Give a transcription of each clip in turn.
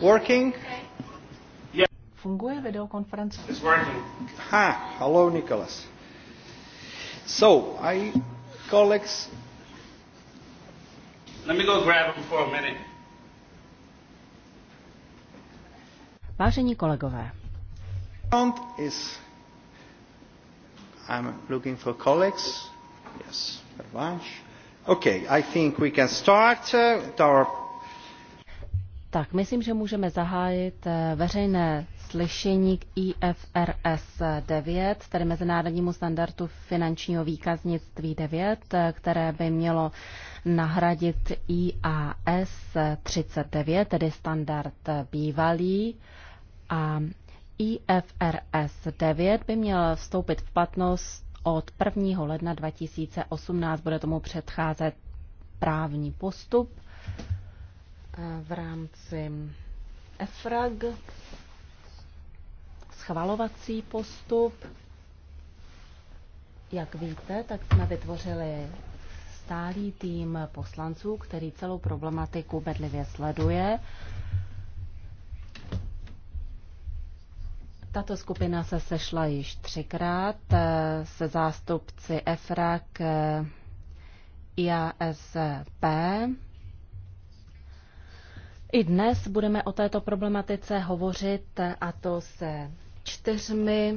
Working? Funguje videokonference? It's working. Ha, hello Nicholas. So, I, colleagues. Let me go grab him for a minute. Vážení kolegové. Front Is, I'm looking for colleagues. Yes, Pervanche. Okay, I think we can start uh, our tak, myslím, že můžeme zahájit eh, veřejné slyšení k IFRS 9, tedy Mezinárodnímu standardu finančního výkaznictví 9, eh, které by mělo nahradit IAS 39, tedy standard eh, bývalý. A IFRS 9 by měl vstoupit v platnost od 1. ledna 2018. Bude tomu předcházet právní postup. Eh, v rámci EFRAG, schvalovací postup. Jak víte, tak jsme vytvořili stálý tým poslanců, který celou problematiku bedlivě sleduje. Tato skupina se sešla již třikrát eh, se zástupci EFRAG eh, IASP i dnes budeme o této problematice hovořit a to se čtyřmi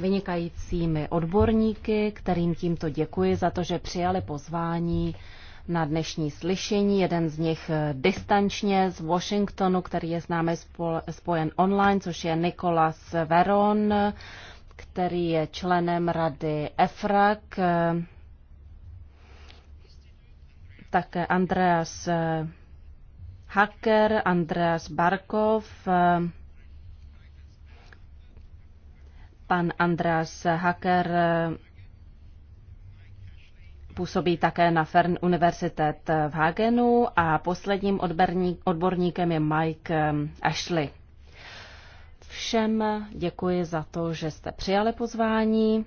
vynikajícími odborníky, kterým tímto děkuji za to, že přijali pozvání na dnešní slyšení. Jeden z nich distančně z Washingtonu, který je s námi spojen online, což je Nikolas Veron, který je členem rady EFRAK, také Andreas hacker Andreas Barkov, eh, pan Andreas Hacker eh, působí také na Fern Universitet v Hagenu a posledním odborníkem je Mike eh, Ashley. Všem děkuji za to, že jste přijali pozvání.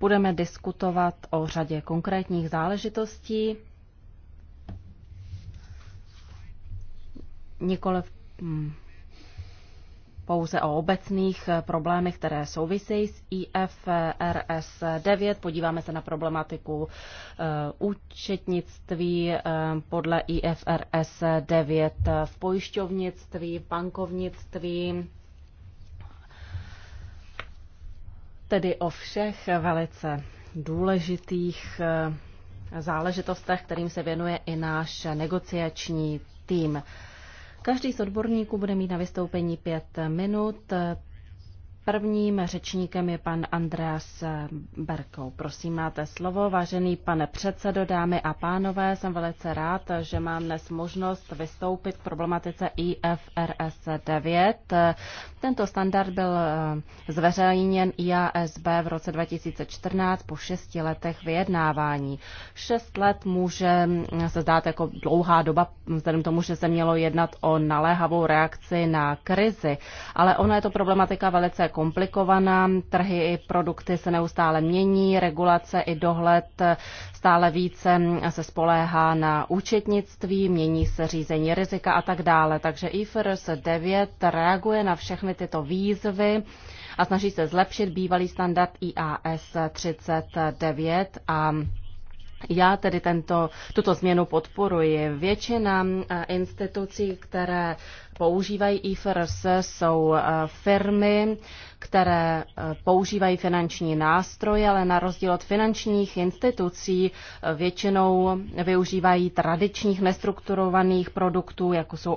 Budeme diskutovat o řadě konkrétních záležitostí. nikoliv hmm, pouze o obecných eh, problémech, které souvisejí s IFRS 9. Podíváme se na problematiku eh, účetnictví eh, podle IFRS 9 v pojišťovnictví, bankovnictví, tedy o všech velice důležitých záležitostech, kterým se věnuje i náš negociační tým. Každý z odborníků bude mít na vystoupení pět minut. Prvním řečníkem je pan Andreas Berkou. Prosím, máte slovo. Vážený pane předsedo, dámy a pánové, jsem velice rád, že mám dnes možnost vystoupit k problematice IFRS 9. Tento standard byl eh, zveřejněn IASB v roce 2014 po šesti letech vyjednávání. Šest let může mm, se zdát jako dlouhá doba, vzhledem tomu, že se mělo jednat o naléhavou reakci na krizi, ale ona je to problematika velice komplikovaná, trhy i produkty se neustále mění, regulace i dohled stále více se spoléhá na účetnictví, mění se řízení rizika a tak dále. Takže IFRS 9 reaguje na všechny tyto výzvy a snaží se zlepšit bývalý standard IAS 39 a já tedy tento, tuto změnu podporuji. Většina institucí, které používají IFRS, jsou eh, firmy, které eh, používají finanční nástroje, ale na rozdíl od finančních institucí eh, většinou využívají tradičních nestrukturovaných produktů, jako jsou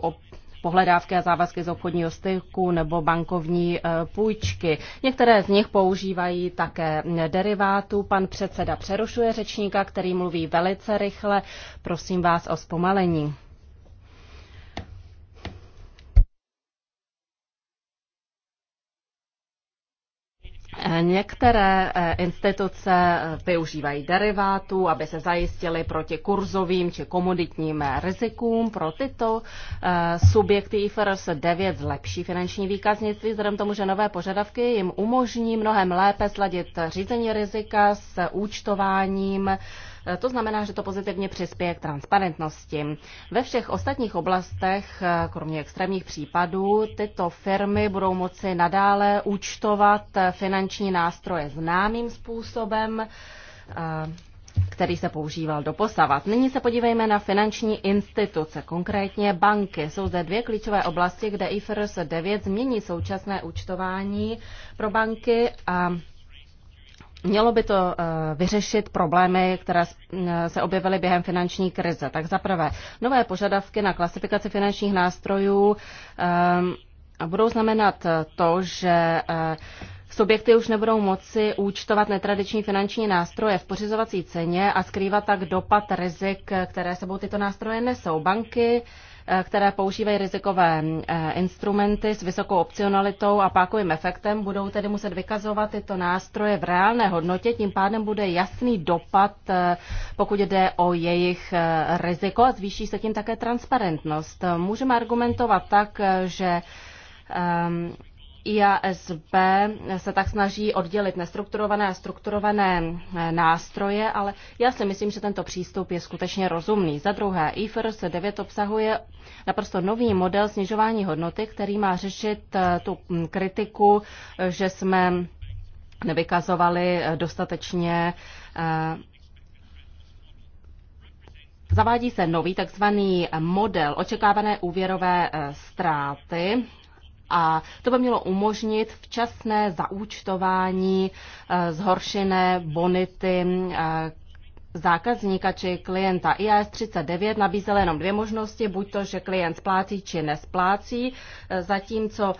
pohledávky a závazky z obchodního styku nebo bankovní půjčky. Některé z nich používají také derivátů. Pan předseda přerušuje řečníka, který mluví velice rychle. Prosím vás o zpomalení. Některé eh, instituce eh, využívají derivátů, aby se zajistili proti kurzovým či komoditním rizikům. Pro tyto eh, subjekty IFRS 9 zlepší finanční výkaznictví, vzhledem tomu, že nové požadavky jim umožní mnohem lépe sladit řízení rizika s účtováním Eh, to znamená, že to pozitivně přispěje k transparentnosti. Ve všech ostatních oblastech, eh, kromě extrémních případů, tyto firmy budou moci nadále účtovat eh, finanční nástroje známým způsobem který se používal do posavat. Nyní se podívejme na finanční instituce, konkrétně banky. Jsou zde dvě klíčové oblasti, kde IFRS 9 změní současné účtování pro banky a Mělo by to eh, vyřešit problémy, které eh, se objevily během finanční krize. Tak zaprvé, nové požadavky na klasifikaci finančních nástrojů ehm, budou znamenat eh, to, že subjekty už nebudou moci účtovat netradiční finanční nástroje v pořizovací ceně a skrývat tak dopad rizik, které sebou tyto nástroje nesou. Banky, eh, které používají rizikové eh, instrumenty s vysokou opcionalitou a pákovým efektem, budou tedy muset vykazovat tyto nástroje v reálné hodnotě, tím pádem bude jasný dopad, eh, pokud jde o jejich riziko a zvýší se tím také transparentnost. Můžeme argumentovat tak, že ehm, IASB se tak snaží oddělit nestrukturované a strukturované eh, nástroje, ale já si myslím, že tento přístup je skutečně rozumný. Za druhé, IFRS 9 obsahuje naprosto nový model snižování hodnoty, který má řešit eh, tu mm, kritiku, eh, že jsme nevykazovali dostatečně Zavádí se nový takzvaný model očekávané úvěrové ztráty a to by mělo umožnit včasné zaúčtování eh, zhoršené bonity eh, zákazníka či klienta. IAS 39 nabízela jenom dvě možnosti, buď to, že klient splácí či nesplácí, eh, zatímco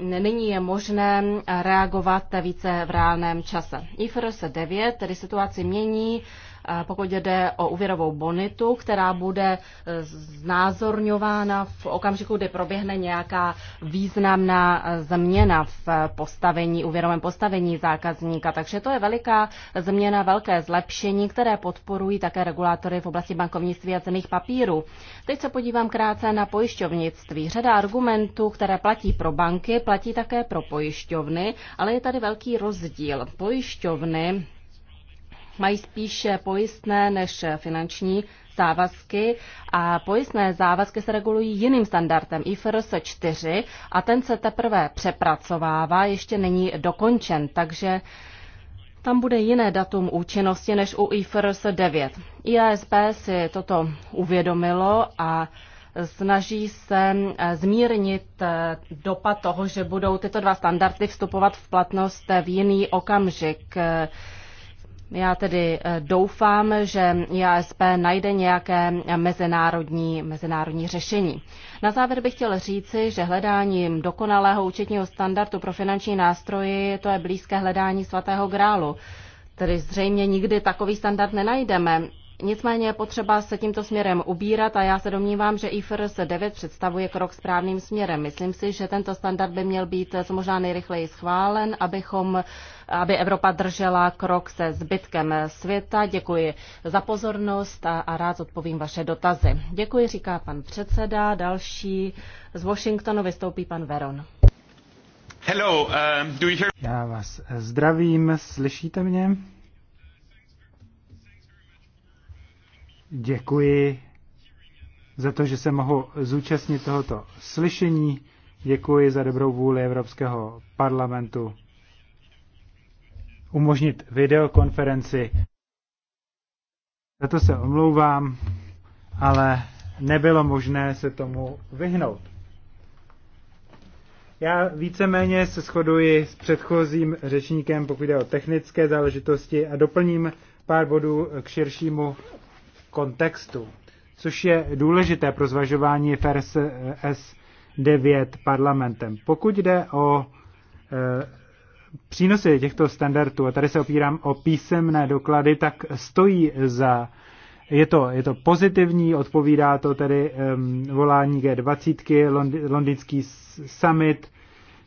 nyní je možné reagovat více v reálném čase. IFRS 9 tedy situaci mění, Eh, pokud jde o úvěrovou bonitu, která bude eh, znázorňována v okamžiku, kdy proběhne nějaká významná eh, změna v postavení, úvěrovém postavení zákazníka. Takže to je veliká změna, velké zlepšení, které podporují také regulátory v oblasti bankovnictví a cených papírů. Teď se podívám krátce na pojišťovnictví. Řada argumentů, které platí pro banky, platí také pro pojišťovny, ale je tady velký rozdíl. Pojišťovny mají spíše pojistné než finanční závazky a pojistné závazky se regulují jiným standardem IFRS 4 a ten se teprve přepracovává, ještě není dokončen, takže tam bude jiné datum účinnosti než u IFRS 9. IASB si toto uvědomilo a snaží se eh, zmírnit eh, dopad toho, že budou tyto dva standardy vstupovat v platnost eh, v jiný okamžik. Já tedy eh, doufám, že JASP najde nějaké mezinárodní, mezinárodní řešení. Na závěr bych chtěl říci, že hledáním dokonalého účetního standardu pro finanční nástroji to je blízké hledání svatého grálu. Tedy zřejmě nikdy takový standard nenajdeme. Nicméně je potřeba se tímto směrem ubírat a já se domnívám, že IFRS 9 představuje krok správným směrem. Myslím si, že tento standard by měl být co možná nejrychleji schválen, abychom, aby Evropa držela krok se zbytkem světa. Děkuji za pozornost a, a rád odpovím vaše dotazy. Děkuji, říká pan předseda. Další z Washingtonu vystoupí pan Veron. Hello, um, do you hear... Já vás zdravím, slyšíte mě? Děkuji za to, že se mohu zúčastnit tohoto slyšení. Děkuji za dobrou vůli Evropského parlamentu umožnit videokonferenci. Za to se omlouvám, ale nebylo možné se tomu vyhnout. Já víceméně se shoduji s předchozím řečníkem, pokud jde o technické záležitosti a doplním pár bodů k širšímu kontextu, což je důležité pro zvažování FRS eh, S9 parlamentem. Pokud jde o eh, přínosy těchto standardů, a tady se opírám o písemné doklady, tak stojí za je to, je to pozitivní, odpovídá to tedy um, volání G20, londýnský summit,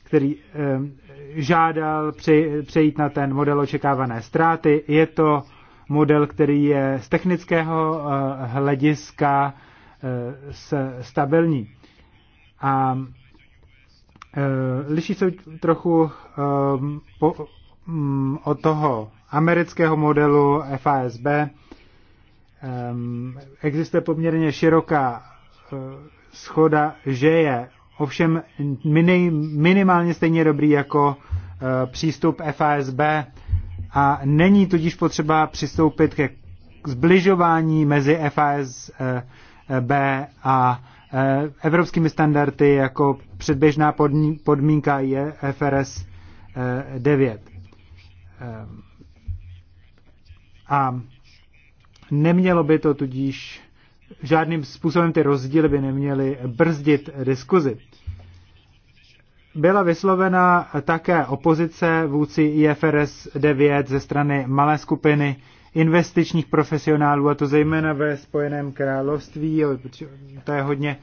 který um, žádal pře, přejít na ten model očekávané ztráty. Je to model, který je z technického eh, hlediska eh, stabilní. A eh, liší se trochu mm, od toho amerického modelu FASB. Existuje poměrně široká schoda, že je ovšem minimálně stejně dobrý jako přístup FASB a není tudíž potřeba přistoupit ke zbližování mezi FASB a eh, eh, evropskými standardy jako předběžná podmínka je FRS 9. Eh, a nemělo by to tudíž žádným způsobem ty rozdíly by neměly brzdit diskuzi byla vyslovena také opozice vůči IFRS 9 ze strany malé skupiny investičních profesionálů, a to zejména ve Spojeném království. To je hodně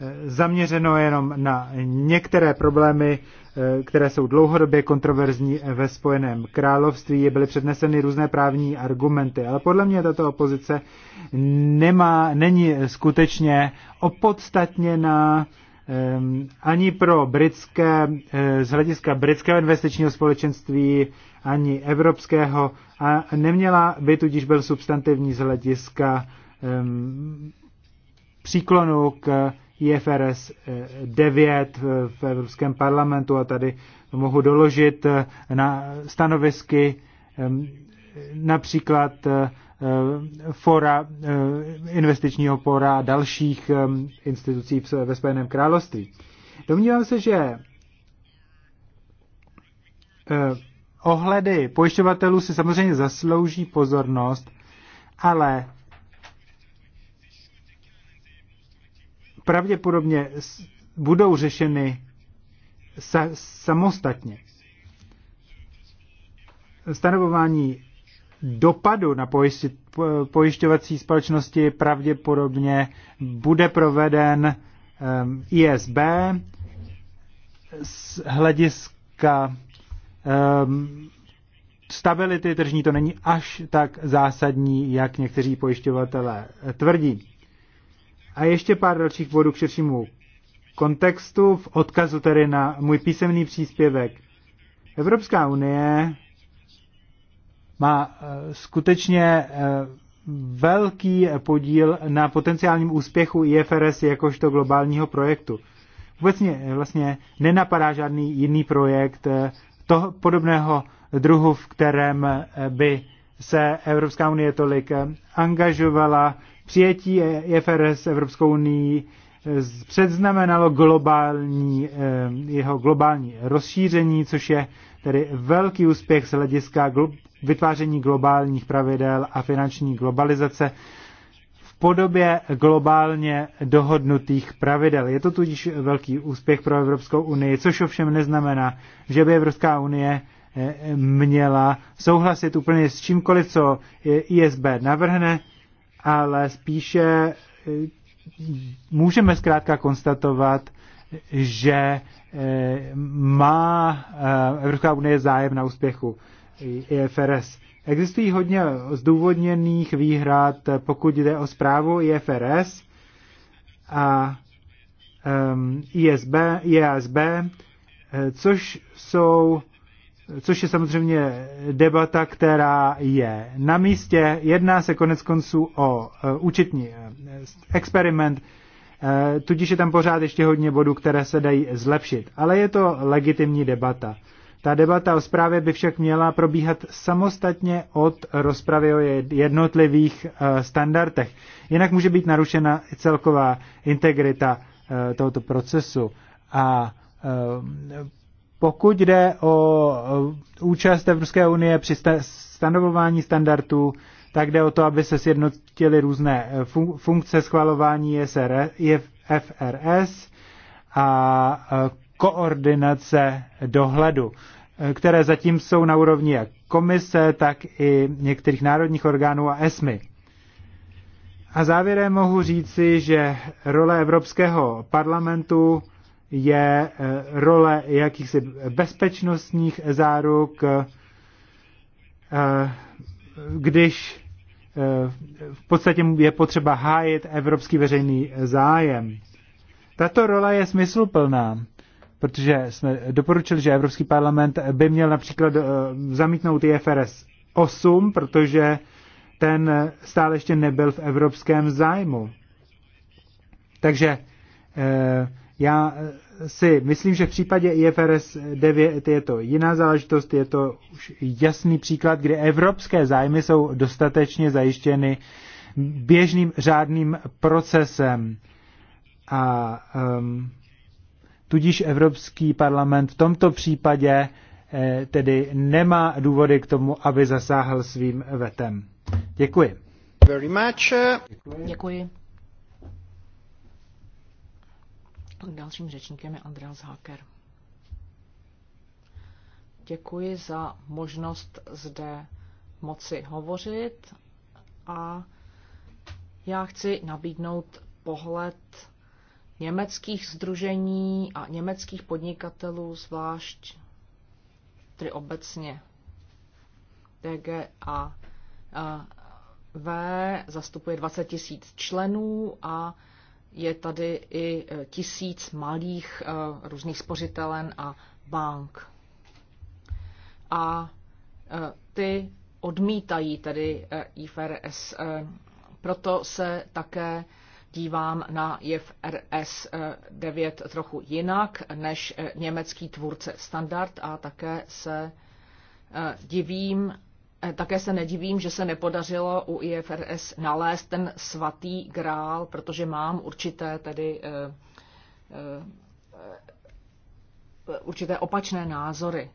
eh, zaměřeno jenom na některé problémy, eh, které jsou dlouhodobě kontroverzní ve Spojeném království. Byly předneseny různé právní argumenty, ale podle mě tato opozice nemá, není skutečně opodstatněná Ehm, ani pro britské, eh, z hlediska britského investičního společenství, ani evropského a neměla by tudíž byl substantivní z hlediska ehm, příklonu k IFRS 9 eh, v Evropském parlamentu a tady mohu doložit eh, na stanovisky ehm, například Eh, fora, eh, investičního fora a dalších eh, institucí ve Spojeném království. Domnívám se, že ohledy pojišťovatelů si samozřejmě zaslouží pozornost, ale pravděpodobně budou řešeny sa- samostatně. Stanovování dopadu na pojišťovací společnosti pravděpodobně bude proveden ehm, ISB z hlediska ehm, stability tržní to není až tak zásadní, jak někteří pojišťovatelé tvrdí. A ještě pár dalších bodů k širšímu kontextu v odkazu tedy na můj písemný příspěvek. Evropská unie má eh, skutečně eh, velký podíl na potenciálním úspěchu IFRS jakožto globálního projektu. Vůbec mě eh, vlastně nenapadá žádný jiný projekt toho podobného druhu, v kterém by se Evropská unie tolik angažovala. Přijetí IFRS Evropskou unii předznamenalo globální, jeho globální rozšíření, což je tedy velký úspěch z hlediska glo- vytváření globálních pravidel a finanční globalizace v podobě globálně dohodnutých pravidel. Je to tudíž velký úspěch pro Evropskou unii, což ovšem neznamená, že by Evropská unie eh, měla souhlasit úplně s čímkoliv, co ISB navrhne, ale spíše eh, můžeme zkrátka konstatovat, že má eh, Evropská unie zájem na úspěchu IFRS. Existují hodně zdůvodněných výhrad, pokud jde o zprávu IFRS a ISB, IASB, eh, což jsou což je samozřejmě debata, která je na místě. Jedná se konec konců o eh, účetní experiment, E, tudíž je tam pořád ještě hodně bodů, které se dají zlepšit. Ale je to legitimní debata. Ta debata o zprávě by však měla probíhat samostatně od rozpravy o jednotlivých e, standardech. Jinak může být narušena celková integrita e, tohoto procesu. A pokud jde o účast Evropské unie při stanovování standardů, tak jde o to, aby se sjednotily různé eh, funkce schvalování FRS e, a eh, koordinace dohledu, eh, které zatím jsou na úrovni jak komise, tak i některých národních orgánů a ESMY. A závěrem mohu říci, že role Evropského parlamentu je role jakýchsi bezpečnostních záruk, když v podstatě je potřeba hájit evropský veřejný zájem. Tato rola je smysluplná, protože jsme doporučili, že Evropský parlament by měl například eh, zamítnout IFRS 8, protože ten stále ještě nebyl v evropském zájmu. Takže eh, já si myslím, že v případě IFRS 9 je to jiná záležitost, je to už jasný příklad, kde evropské zájmy jsou dostatečně zajištěny běžným řádným procesem. A um, tudíž Evropský parlament v tomto případě eh, tedy nemá důvody k tomu, aby zasáhl svým vetem. Děkuji. Very much. Děkuji. Děkuji. pak dalším řečníkem je Andreas Hacker. Děkuji za možnost zde moci hovořit a já chci nabídnout pohled německých združení a německých podnikatelů, zvlášť tedy obecně DG a eh, V zastupuje 20 tisíc členů a je tady i e, tisíc malých e, různých spořitelen a bank. A e, ty odmítají tedy IFRS. Proto se také dívám na IFRS 9 trochu jinak než německý tvůrce standard a také se divím Eh, také se nedivím, že se nepodařilo u IFRS nalézt ten svatý grál, protože mám určité tedy eh, eh, určité opačné názory.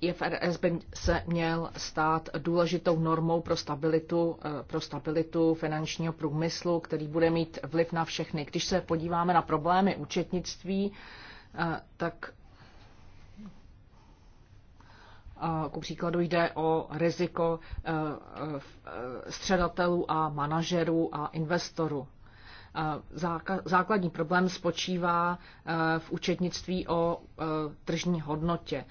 IFRS by se měl stát důležitou normou pro stabilitu, pro stabilitu finančního průmyslu, který bude mít vliv na všechny. Když se podíváme na problémy účetnictví, tak ku příkladu jde o riziko eh, eh, středatelů a manažerů a investorů. Eh, základní problém spočívá v účetnictví o tržní hodnotě.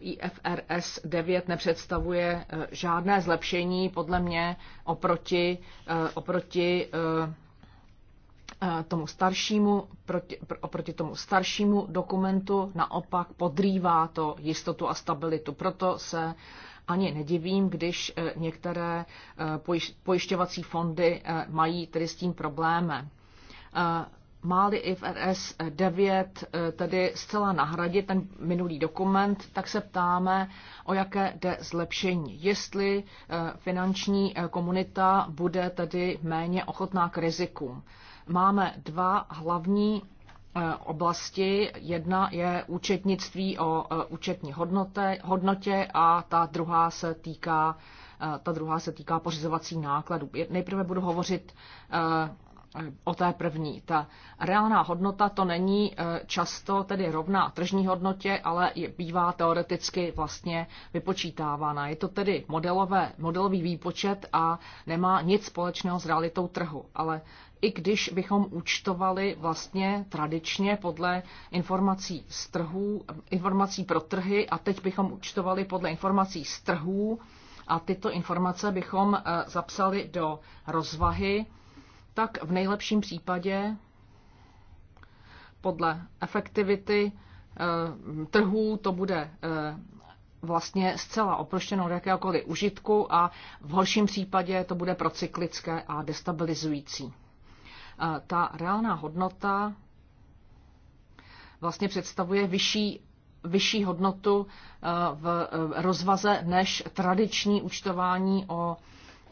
IFRS 9 nepředstavuje žádné zlepšení podle mě oproti, oproti Eh, tomu staršímu, proti, oproti tomu staršímu dokumentu, naopak podrývá to jistotu a stabilitu. Proto se ani nedivím, když eh, některé eh, pojišťovací fondy mají tedy s tím problémy. Máli IFRS 9 tedy zcela nahradit ten minulý dokument, tak se ptáme, o jaké jde zlepšení. Jestli finanční komunita bude tedy méně ochotná k rizikům. Máme dva hlavní eh, oblasti. Jedna je účetnictví o eh, účetní hodnote, hodnotě a ta druhá se týká eh, ta druhá se týká pořizovací nákladů. Nejprve budu hovořit o té první. Ta reálná hodnota to není často tedy rovná tržní hodnotě, ale je, bývá teoreticky vlastně vypočítávána. Je to tedy modelové, modelový výpočet a nemá nic společného s realitou trhu. Ale i když bychom účtovali vlastně tradičně podle informací z trhů, informací pro trhy a teď bychom účtovali podle informací z trhů a tyto informace bychom eh, zapsali do rozvahy, tak v nejlepším případě podle efektivity eh, trhů to bude eh, vlastně zcela oproštěno od jakéhokoliv užitku a v horším případě to bude procyklické a destabilizující ta reálná hodnota vlastně představuje vyšší, vyšší hodnotu eh, v eh, rozvaze než tradiční účtování o,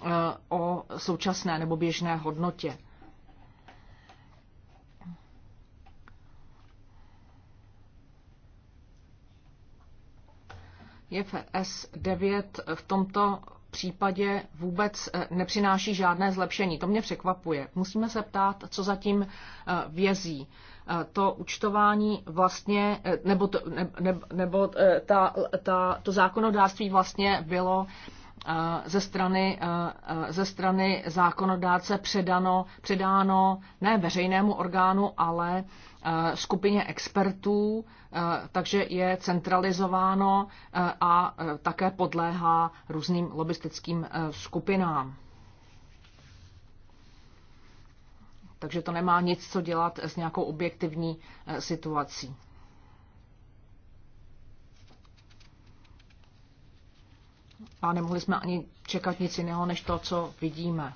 eh, o současné nebo běžné hodnotě. IFRS 9 v tomto případě vůbec eh, nepřináší žádné zlepšení. To mě překvapuje. Musíme se ptát, co zatím eh, vězí. Eh, to účtování vlastně, nebo, to, ne, ne, nebo ta, ta, to zákonodárství vlastně bylo ze strany, ze strany zákonodáce předano, předáno ne veřejnému orgánu, ale skupině expertů, takže je centralizováno a také podléhá různým lobistickým skupinám. Takže to nemá nic co dělat s nějakou objektivní situací. a nemohli jsme ani čekat nic jiného, než to, co vidíme.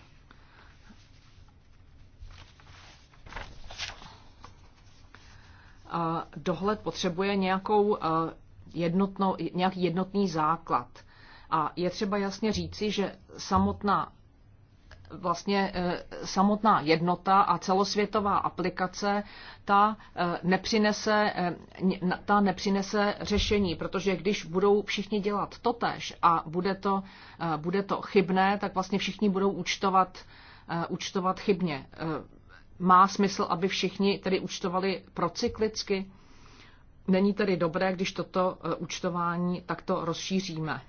Dohled potřebuje nějakou jednotnou, nějaký jednotný základ. A je třeba jasně říci, že samotná vlastně e, samotná jednota a celosvětová aplikace, ta e, nepřinese, e, ta nepřinese řešení, protože když budou všichni dělat totež a bude to, bude to chybné, tak vlastně všichni budou účtovat, účtovat chybně. Má smysl, aby všichni tedy účtovali procyklicky? Není tedy dobré, když toto účtování takto rozšíříme.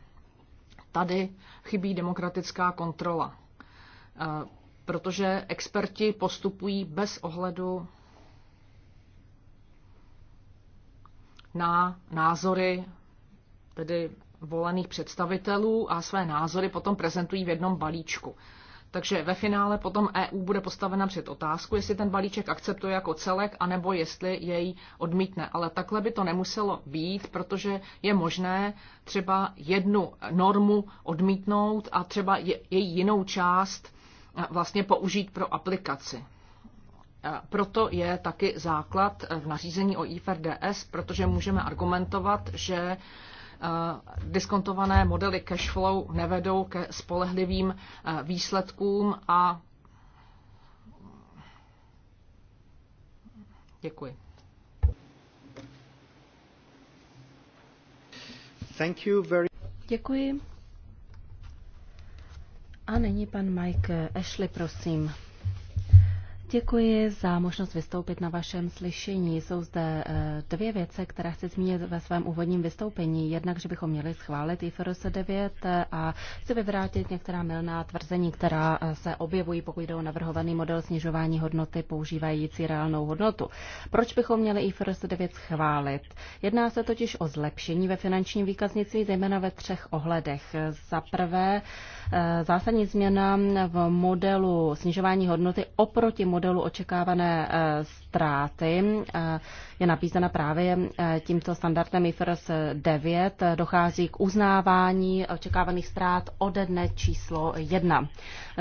Tady chybí demokratická kontrola protože experti postupují bez ohledu na názory tedy volených představitelů a své názory potom prezentují v jednom balíčku. Takže ve finále potom EU bude postavena před otázku, jestli ten balíček akceptuje jako celek, anebo jestli jej odmítne. Ale takhle by to nemuselo být, protože je možné třeba jednu normu odmítnout a třeba její jinou část vlastně použít pro aplikaci. Proto je taky základ v nařízení o IFRDS, protože můžeme argumentovat, že e, diskontované modely cash flow nevedou ke spolehlivým e, výsledkům a Děkuji. Thank you very... Děkuji. A nyní pan Mike Ashley, prosím. Děkuji za možnost vystoupit na vašem slyšení. Jsou zde eh, dvě věce, které chci zmínit ve svém úvodním vystoupení. Jednak, že bychom měli schválit IFRS 9 eh, a chci vyvrátit některá milná tvrzení, která eh, se objevují, pokud jde o navrhovaný model snižování hodnoty používající reálnou hodnotu. Proč bychom měli IFRS 9 schválit? Jedná se totiž o zlepšení ve finančním výkaznictví, zejména ve třech ohledech. Za prvé, zásadní změna v modelu snižování hodnoty oproti modelu modelu očekávané eh, ztráty eh, je nabízena právě eh, tímto standardem IFRS 9. Dochází k uznávání očekávaných ztrát ode dne číslo 1.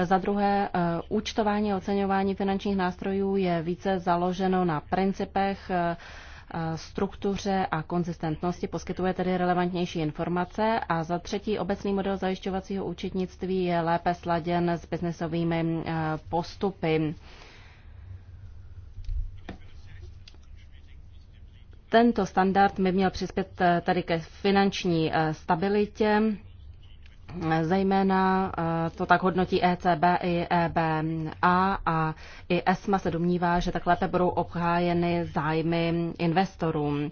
Za druhé, účtování a oceňování finančních nástrojů je více založeno na principech struktuře a konzistentnosti poskytuje tedy relevantnější informace a za třetí obecný model zajišťovacího účetnictví je lépe sladěn s biznesovými postupy. Tento standard by měl přispět eh, tady ke finanční eh, stabilitě, zejména eh, to tak hodnotí ECB i EBA a i ESMA se domnívá, že tak lépe budou obhájeny zájmy investorům.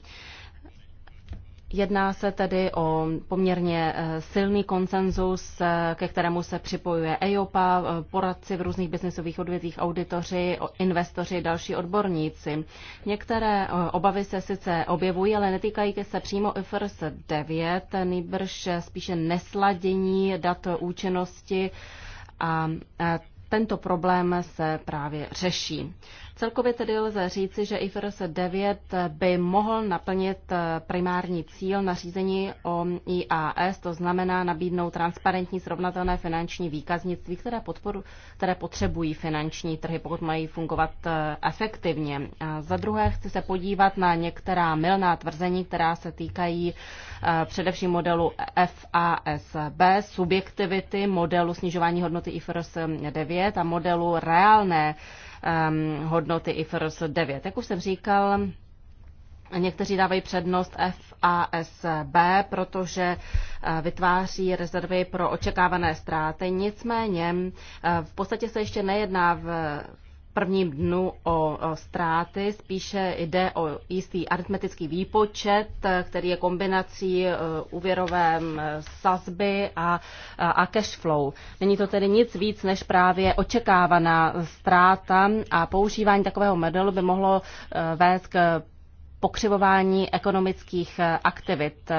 Jedná se tedy o poměrně eh, silný konsenzus, eh, ke kterému se připojuje EIOPA, eh, poradci v různých biznesových odvětvích, auditoři, investoři, další odborníci. Některé obavy se sice objevují, ale netýkají se přímo IFRS 9, nejbrž spíše nesladění dat účinnosti a tento problém se právě řeší. Celkově tedy lze říci, že IFRS 9 by mohl naplnit eh, primární cíl nařízení o IAS, to znamená nabídnout transparentní srovnatelné finanční výkaznictví, které, podporu, které potřebují finanční trhy, pokud mají fungovat eh, efektivně. A za druhé chci se podívat na některá milná tvrzení, která se týkají eh, především modelu FASB, subjektivity modelu snižování hodnoty IFRS 9 a modelu reálné Um, hodnoty IFRS 9. Jak už jsem říkal, Někteří dávají přednost FASB, protože eh, vytváří rezervy pro očekávané ztráty. Nicméně eh, v podstatě se ještě nejedná v prvním dnu o ztráty, spíše jde o jistý aritmetický výpočet, který je kombinací e, úvěrové e, sazby a, e, a cash flow. Není to tedy nic víc než právě očekávaná ztráta a používání takového modelu by mohlo vést k pokřivování ekonomických eh, aktivit.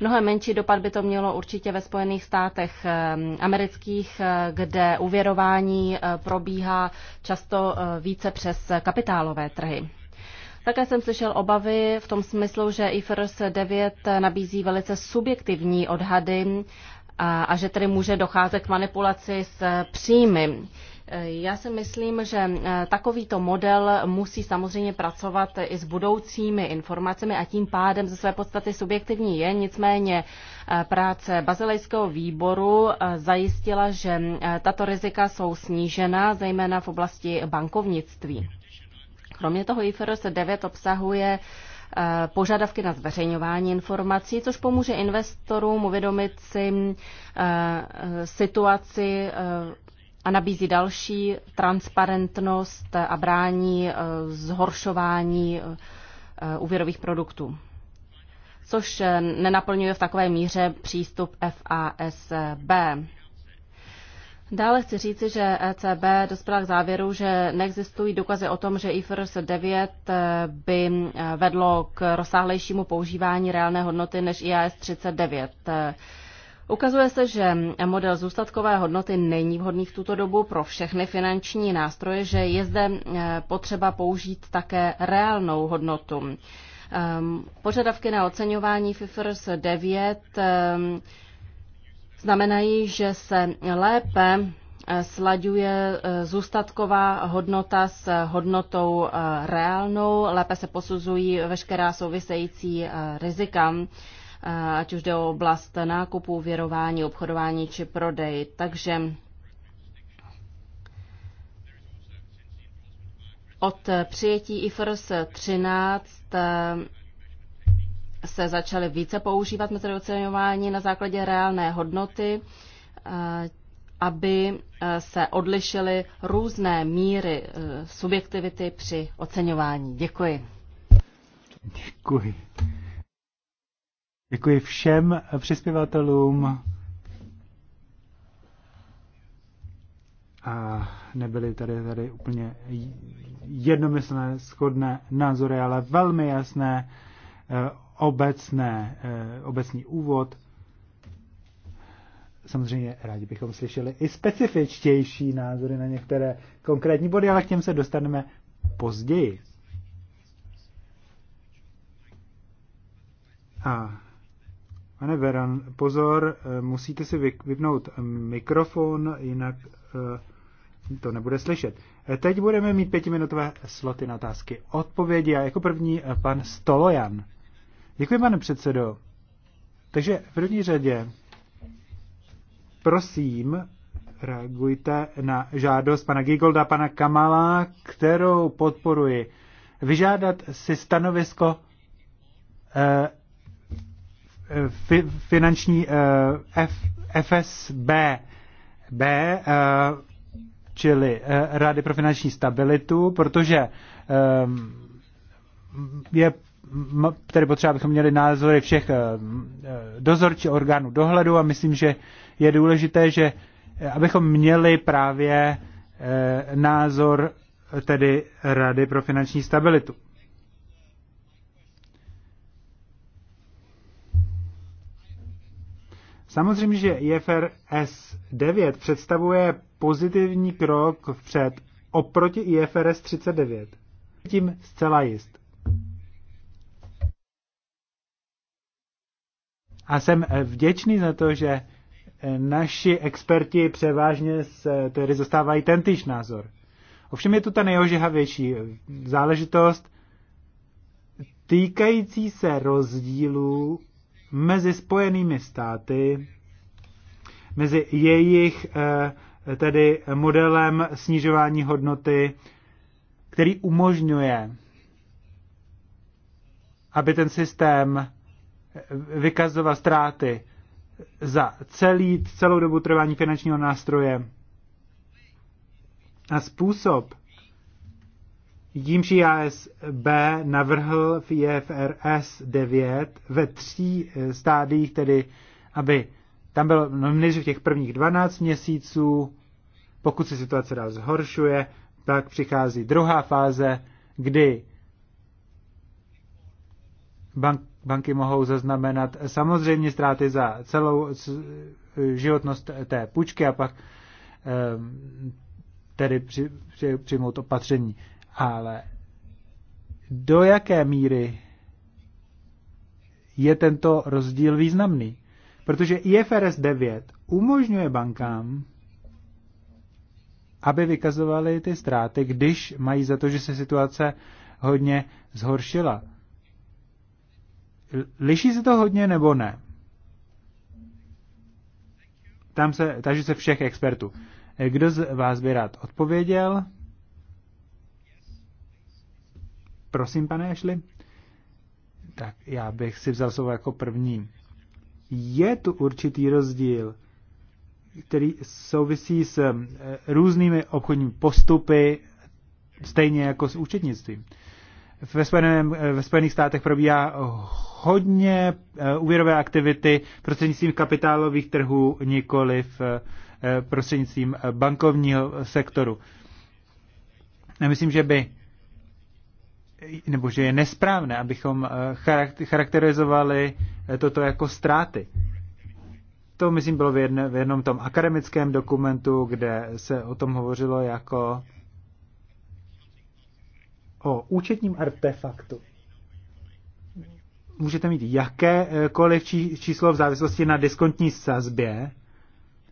Mnohem menší dopad by to mělo určitě ve Spojených státech eh, amerických, eh, kde uvěrování probíhá často více přes kapitálové trhy. Také jsem slyšel obavy v tom smyslu, že IFRS 9 nabízí velice subjektivní odhady a, a že tedy může docházet k manipulaci s příjmy. Já si myslím, že eh, takovýto model musí samozřejmě pracovat i s budoucími informacemi a tím pádem ze své podstaty subjektivní je. Nicméně eh, práce bazilejského výboru eh, zajistila, že tato rizika jsou snížena, zejména v oblasti bankovnictví. Kromě toho IFRS 9 obsahuje požadavky na zveřejňování informací, což pomůže investorům uvědomit si situaci a nabízí další transparentnost a brání e, zhoršování e, úvěrových produktů, což e, nenaplňuje v takové míře přístup FASB. Dále chci říci, že ECB dospěla k závěru, že neexistují důkazy o tom, že IFRS 9 by vedlo k rozsáhlejšímu používání reálné hodnoty než IAS 39. Ukazuje se, že model zůstatkové hodnoty není vhodný v tuto dobu pro všechny finanční nástroje, že je zde eh, potřeba použít také reálnou hodnotu. Ehm, požadavky na oceňování FIFRS 9 ehm, znamenají, že se lépe eh, slaďuje eh, zůstatková hodnota s hodnotou reálnou, lépe se posuzují veškerá související rizika. Eh, ať už jde o oblast nákupu, věrování, obchodování či prodej. Takže Od přijetí IFRS 13 eh, se začaly více používat metody oceňování na základě reálné hodnoty, eh, aby se odlišily různé míry subjektivity při oceňování. Děkuji. Děkuji. Děkuji všem přispěvatelům. A nebyly tady, tady úplně jednomyslné, schodné názory, ale velmi jasné eh, obecné, eh, obecný úvod. Samozřejmě rádi bychom slyšeli i specifičtější názory na některé konkrétní body, ale k těm se dostaneme později. A Pane Veran, pozor, eh, musíte si vypnout mikrofon, jinak eh, to nebude slyšet. Eh, teď budeme mít pětiminutové sloty na otázky. Odpovědi a jako první pan Stolojan. Děkuji, pane předsedo. Takže v první řadě prosím, reagujte na žádost pana Gigolda pana Kamala, kterou podporuji. Vyžádat si stanovisko eh, fi, finanční eh, F, FSB, B, eh, čili eh, Rady pro finanční stabilitu, protože je tedy potřeba, abychom měli názory všech dozorčí orgánů dohledu a myslím, že je důležité, že abychom měli právě názor tedy Rady pro finanční stabilitu. Samozřejmě, že IFRS 9 představuje pozitivní krok vpřed oproti IFRS 39. Tím zcela jist. A jsem vděčný za to, že naši experti převážně se, tedy zastávají tentýž názor. Ovšem je tu ta nejožehavější záležitost týkající se rozdílů mezi Spojenými státy, mezi jejich eh, tedy modelem snižování hodnoty, který umožňuje, aby ten systém eh, vykazoval ztráty za celý, celou dobu trvání finančního nástroje a způsob, Jímž IASB navrhl v IFRS 9 ve tří e, stádiích, tedy aby tam bylo no, než v těch prvních 12 měsíců, pokud se situace dál zhoršuje, tak přichází druhá fáze, kdy bank, banky mohou zaznamenat samozřejmě ztráty za celou e, životnost té půjčky a pak e, tedy při, při, přijmout opatření. Ale do jaké míry je tento rozdíl významný? Protože IFRS 9 umožňuje bankám, aby vykazovali ty ztráty, když mají za to, že se situace hodně zhoršila. Liší se to hodně nebo ne? Tam se, takže se všech expertů. Kdo z vás by rád odpověděl? Prosím, pane Ashley. Tak já bych si vzal slovo jako první. Je tu určitý rozdíl, který souvisí s eh, různými obchodními postupy, stejně jako s účetnictvím. Ve, Spojeném, eh, ve Spojených státech probíhá hodně eh, úvěrové aktivity prostřednictvím kapitálových trhů, v prostřednictvím bankovního sektoru. Myslím, že by nebo že je nesprávné, abychom eh, charakterizovali eh, toto jako ztráty. To, myslím, bylo v, jedne, v jednom tom akademickém dokumentu, kde se o tom hovořilo jako o účetním artefaktu. Můžete mít jakékoliv číslo v závislosti na diskontní sazbě,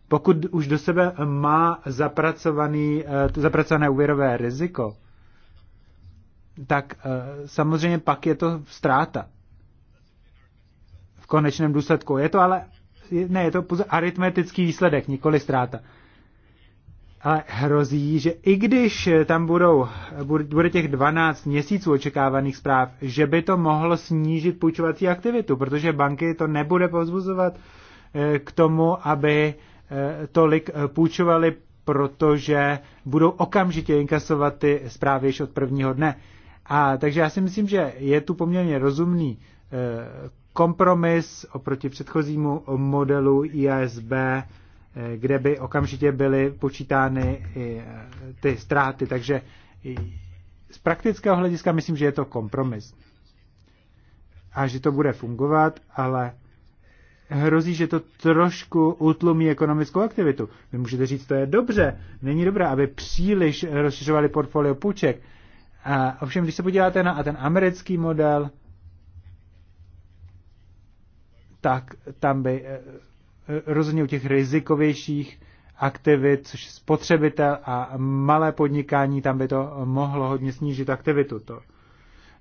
pokud už do sebe má zapracovaný, eh, zapracované úvěrové riziko, tak eh, samozřejmě pak je to ztráta. V konečném důsledku. Je to ale, ne, je to pouze aritmetický výsledek, nikoli ztráta. Ale hrozí, že i když tam budou, bude těch 12 měsíců očekávaných zpráv, že by to mohlo snížit půjčovací aktivitu, protože banky to nebude povzbuzovat eh, k tomu, aby eh, tolik půjčovali, protože budou okamžitě inkasovat ty zprávy již od prvního dne. A takže já si myslím, že je tu poměrně rozumný eh, kompromis oproti předchozímu modelu IASB, eh, kde by okamžitě byly počítány eh, ty ztráty. Takže z praktického hlediska myslím, že je to kompromis. A že to bude fungovat, ale hrozí, že to trošku utlumí ekonomickou aktivitu. Vy můžete říct, to je dobře. Není dobré, aby příliš rozšiřovali portfolio půjček, a ovšem, když se podíváte na ten americký model, tak tam by eh, eh, rozhodně u těch rizikovějších aktivit, což je spotřebitel a malé podnikání, tam by to mohlo hodně snížit aktivitu. To.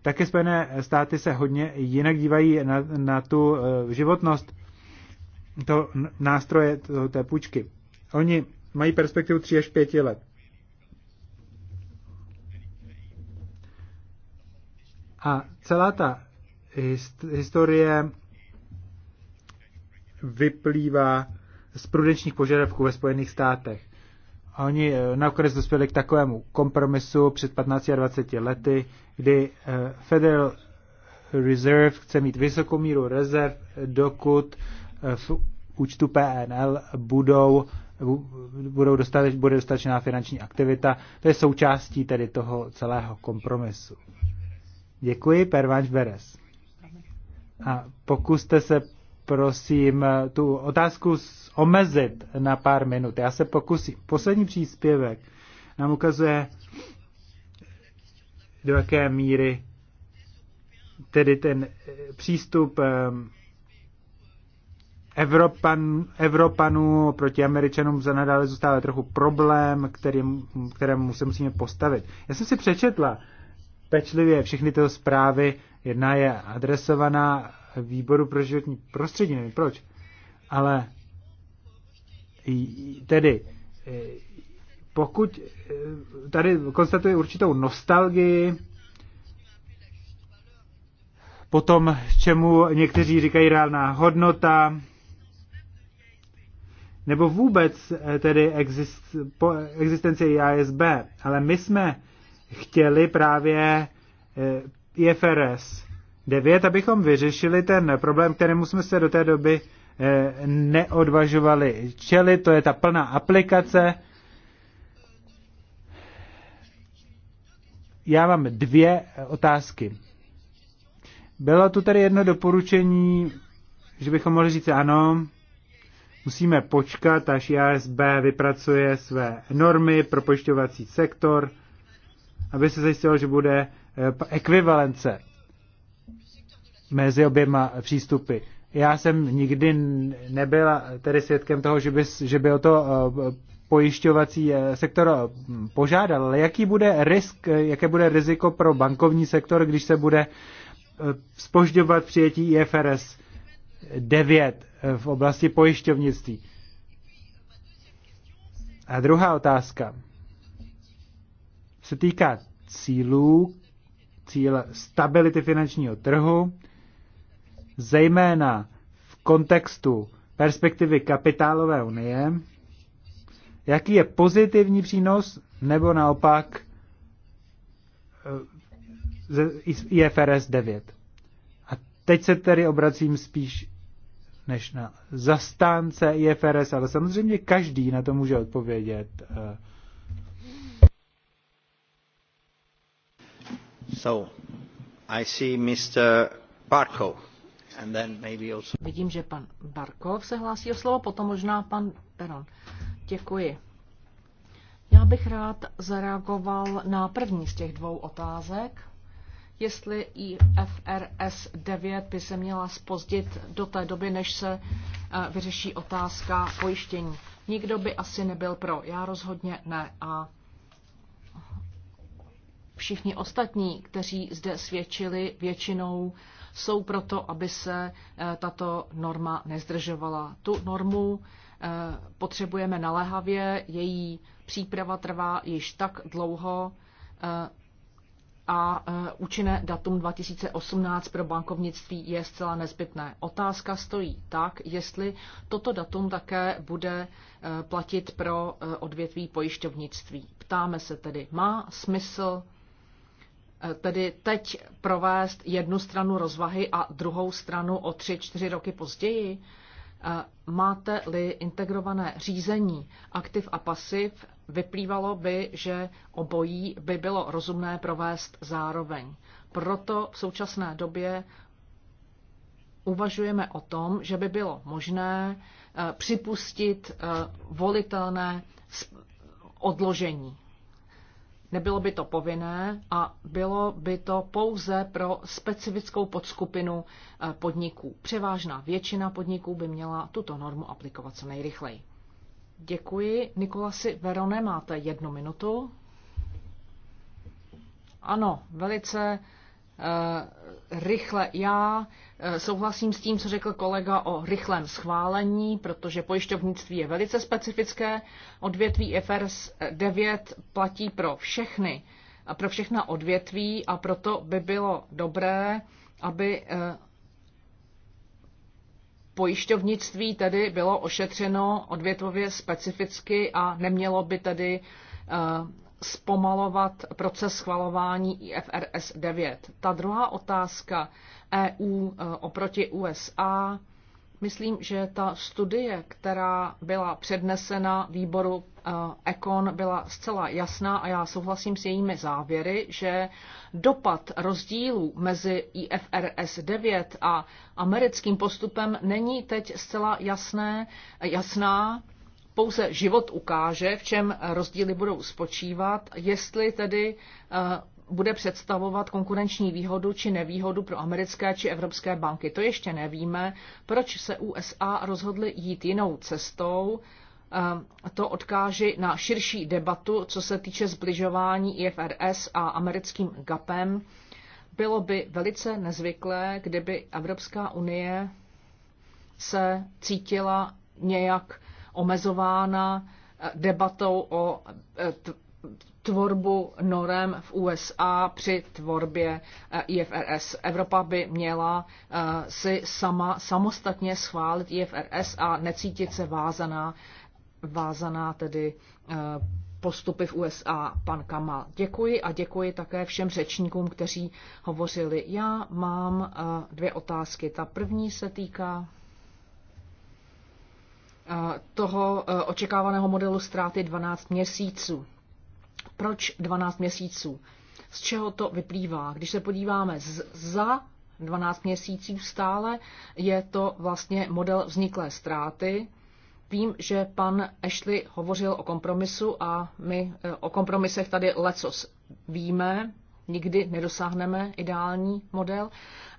Také Spojené státy se hodně jinak dívají na, na tu eh, životnost to nástroje, to, té půjčky. Oni mají perspektivu 3 až 5 let. A celá ta historie vyplývá z prudenčních požadavků ve Spojených státech. A oni eh, nakonec dospěli k takovému kompromisu před 15 a 20 lety, kdy eh, Federal Reserve chce mít vysokou míru rezerv, dokud eh, v účtu PNL budou, budou dostat, bude dostatečná finanční aktivita. To je součástí tedy toho celého kompromisu. Děkuji, Pervanš Beres. A pokuste se, prosím, tu otázku omezit na pár minut. Já se pokusím. Poslední příspěvek nám ukazuje, do jaké míry tedy ten eh, přístup ehm, Evropan, Evropanů proti Američanům za nadále zůstává trochu problém, kterým, kterému se musíme postavit. Já jsem si přečetla pečlivě všechny tyto zprávy. Jedna je adresovaná výboru pro životní prostředí, nevím proč, ale tedy e, pokud e, tady konstatuje určitou nostalgii po tom, čemu někteří říkají reálná hodnota, nebo vůbec e, tedy exist, po existenci IASB, ale my jsme chtěli právě eh, IFRS 9, abychom vyřešili ten problém, kterému jsme se do té doby eh, neodvažovali čelit, to je ta plná aplikace. Já mám dvě otázky. Bylo tu tady jedno doporučení, že bychom mohli říct ano, musíme počkat, až IASB vypracuje své normy pro pojišťovací sektor – aby se zajistilo, že bude eh, ekvivalence mezi oběma přístupy. Já jsem nikdy nebyla tedy svědkem toho, že by, že by o to eh, pojišťovací eh, sektor požádal, ale jaký bude risk, jaké bude riziko pro bankovní sektor, když se bude spožďovat přijetí IFRS 9 v oblasti pojišťovnictví. A druhá otázka se týká cílů, cíle stability finančního trhu, zejména v kontextu perspektivy kapitálové unie, jaký je pozitivní přínos, nebo naopak eh, IFRS 9. A teď se tedy obracím spíš než na zastánce IFRS, ale samozřejmě každý na to může odpovědět eh, Vidím, že pan Barkov se hlásí o slovo, potom možná pan Peron. Děkuji. Já bych rád zareagoval na první z těch dvou otázek, jestli IFRS 9 by se měla spozdit do té doby, než se eh, vyřeší otázka pojištění. Nikdo by asi nebyl pro, já rozhodně ne. A všichni ostatní, kteří zde svědčili, většinou jsou proto, aby se eh, tato norma nezdržovala. Tu normu eh, potřebujeme naléhavě, její příprava trvá již tak dlouho eh, a účinné datum 2018 pro bankovnictví je zcela nezbytné. Otázka stojí tak, jestli toto datum také bude platit pro odvětví pojišťovnictví. Ptáme se tedy, má smysl tedy teď provést jednu stranu rozvahy a druhou stranu o tři, čtyři roky později? Eh, máte-li integrované řízení aktiv a pasiv, vyplývalo by, že obojí by bylo rozumné provést zároveň. Proto v současné době uvažujeme o tom, že by bylo možné eh, připustit eh, volitelné odložení Nebylo by to povinné a bylo by to pouze pro specifickou podskupinu eh, podniků. Převážná většina podniků by měla tuto normu aplikovat co nejrychleji. Děkuji. Nikolasi Verone, máte jednu minutu. Ano, velice Eh, rychle. Já eh, souhlasím s tím, co řekl kolega o rychlém schválení, protože pojišťovnictví je velice specifické. Odvětví FRS 9 platí pro všechny, eh, pro všechna odvětví a proto by bylo dobré, aby pojišťovnictví tedy bylo ošetřeno odvětvově specificky a nemělo by tedy zpomalovat proces schvalování IFRS 9. Ta druhá otázka EU e, oproti USA. Myslím, že ta studie, která byla přednesena výboru e, Econ, byla zcela jasná a já souhlasím s jejími závěry, že dopad rozdílů mezi IFRS 9 a americkým postupem není teď zcela jasné, jasná pouze život ukáže, v čem rozdíly budou spočívat, jestli tedy eh, bude představovat konkurenční výhodu či nevýhodu pro americké či evropské banky. To ještě nevíme. Proč se USA rozhodly jít jinou cestou? Eh, to odkáže na širší debatu, co se týče zbližování IFRS a americkým GAPem. Bylo by velice nezvyklé, kdyby Evropská unie se cítila nějak omezována eh, debatou o eh, tvorbu norem v USA při tvorbě eh, IFRS. Evropa by měla si sama samostatně schválit IFRS a necítit se vázaná, vázaná tedy postupy v USA, pan Kamal. Děkuji a děkuji také všem řečníkům, kteří hovořili. Já mám dvě otázky. Ta první se týká toho e, očekávaného modelu ztráty 12 měsíců. Proč 12 měsíců? Z čeho to vyplývá? Když se podíváme z, za 12 měsíců stále, je to vlastně model vzniklé ztráty. Vím, že pan Ashley hovořil o kompromisu a my e, o kompromisech tady lecos víme, nikdy nedosáhneme ideální model,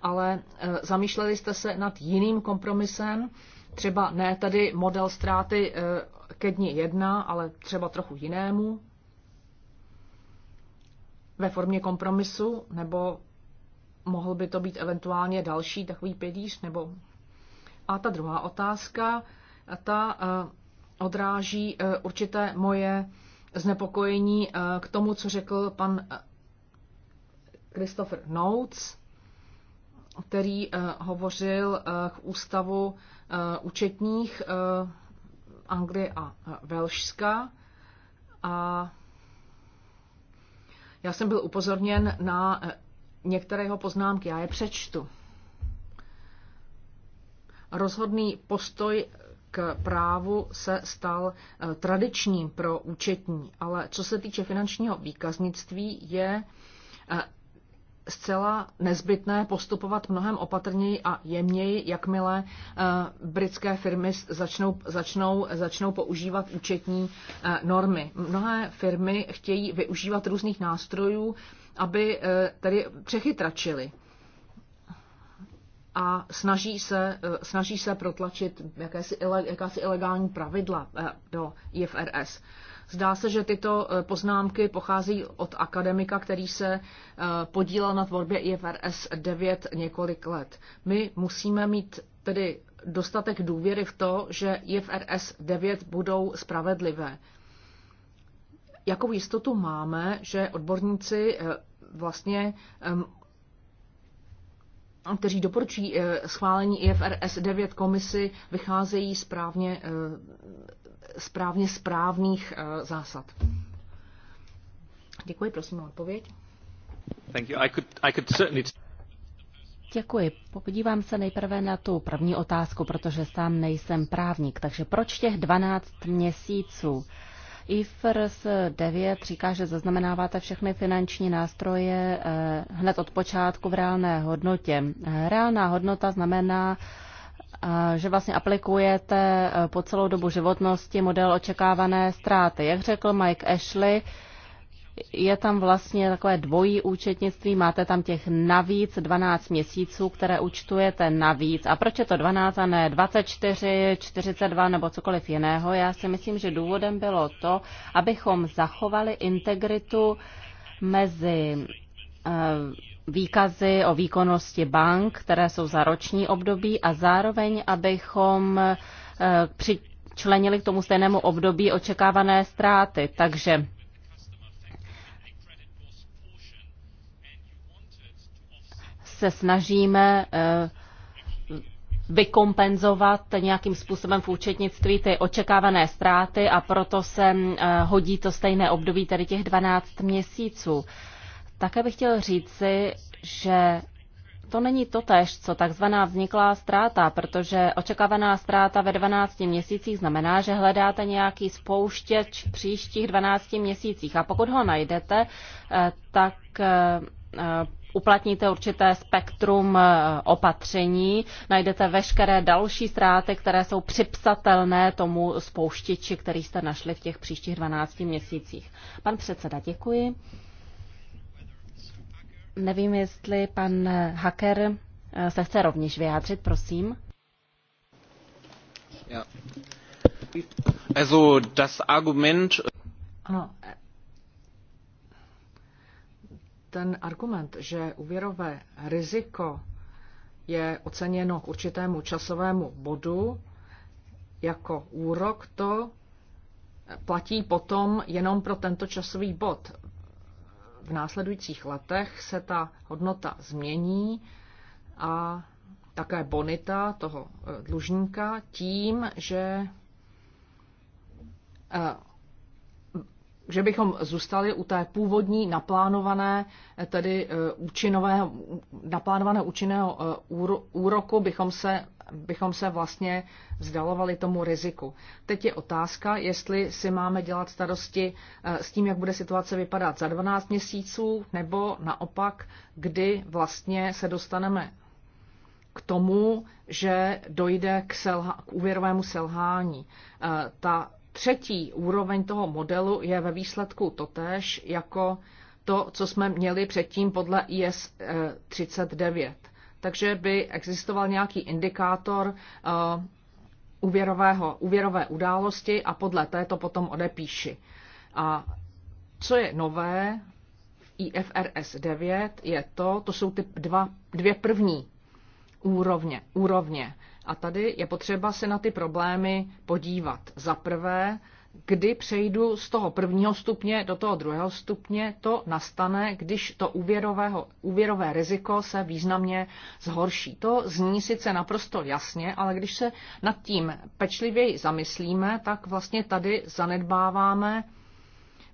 ale e, zamýšleli jste se nad jiným kompromisem, Třeba ne tedy model ztráty eh, ke dni jedna, ale třeba trochu jinému, ve formě kompromisu, nebo mohl by to být eventuálně další takový pilíř, nebo... A ta druhá otázka, ta eh, odráží eh, určité moje znepokojení k tomu, co řekl pan Christopher Notes, který hovořil k ústavu Eh, účetních eh, Anglie a eh, Velšska. A já jsem byl upozorněn na některé jeho poznámky, já je přečtu. Rozhodný postoj k právu se stal tradičním pro účetní, ale co se týče finančního výkaznictví, je zcela nezbytné postupovat mnohem opatrněji a jemněji, jakmile eh, britské firmy začnou, začnou, začnou používat účetní eh, normy. Mnohé firmy chtějí využívat různých nástrojů, aby eh, tedy přechytračili a snaží se, snaží se protlačit jakési, jakási ilegální pravidla do IFRS. Zdá se, že tyto eh, poznámky pochází od akademika, který se eh, podílel na tvorbě IFRS 9 několik let. My musíme mít tedy dostatek důvěry v to, že IFRS 9 budou spravedlivé. Jakou jistotu máme, že odborníci eh, vlastně kteří doporučí schválení IFRS 9 komisy, vycházejí správně správně správných eh, zásad. Děkuji, prosím o odpověď. Thank you. I could, I could certainly... Děkuji. Podívám se nejprve na tu první otázku, protože sám nejsem právník. Takže proč těch 12 měsíců? IFRS 9 říká, že zaznamenáváte všechny finanční nástroje eh, hned od počátku v reálné hodnotě. Eh, reálná hodnota znamená že vlastně aplikujete eh, po celou dobu životnosti model očekávané ztráty. Jak řekl Mike Ashley, je tam vlastně takové dvojí účetnictví, máte tam těch navíc 12 měsíců, které účtujete navíc. A proč je to 12 a ne 24, 42 nebo cokoliv jiného? Já si myslím, že důvodem bylo to, abychom zachovali integritu mezi eh, výkazy o výkonnosti bank, které jsou za roční období a zároveň, abychom eh, přičlenili k tomu stejnému období očekávané ztráty. Takže se snažíme eh, vykompenzovat nějakým způsobem v účetnictví ty očekávané ztráty a proto se eh, hodí to stejné období, tedy těch 12 měsíců. Také bych chtěl říci, že to není totéž, co takzvaná vzniklá ztráta, protože očekávaná ztráta ve 12 měsících znamená, že hledáte nějaký spouštěč v příštích 12 měsících. A pokud ho najdete, eh, tak eh, eh, uplatníte určité spektrum opatření, najdete veškeré další ztráty, které jsou připsatelné tomu spouštěči, který jste našli v těch příštích 12 měsících. Pan předseda, děkuji. Nevím, jestli pan Hacker eh, se chce rovněž vyjádřit, prosím. Ja. Also das Argument. Ano. Ten argument, že úvěrové riziko je oceněno k určitému časovému bodu jako úrok, to platí potom jenom pro tento časový bod v následujících letech se ta hodnota změní a také bonita toho eh, dlužníka tím, že eh, že bychom zůstali u té původní naplánované, eh, tedy eh, účinného, naplánované účinného eh, úroku, bychom se, bychom se vlastně vzdalovali tomu riziku. Teď je otázka, jestli si máme dělat starosti s tím, jak bude situace vypadat za 12 měsíců, nebo naopak, kdy vlastně se dostaneme k tomu, že dojde k, selha- k úvěrovému selhání. Ta Třetí úroveň toho modelu je ve výsledku totéž jako to, co jsme měli předtím podle IS 39. Takže by existoval nějaký indikátor eh, úvěrového, úvěrové události a podle té to potom odepíši. A co je nové v IFRS 9 je to, to jsou ty dva, dvě první úrovně. úrovně. A tady je potřeba se na ty problémy podívat. Za prvé, kdy přejdu z toho prvního stupně do toho druhého stupně, to nastane, když to úvěrového, úvěrové riziko se významně zhorší. To zní sice naprosto jasně, ale když se nad tím pečlivěji zamyslíme, tak vlastně tady zanedbáváme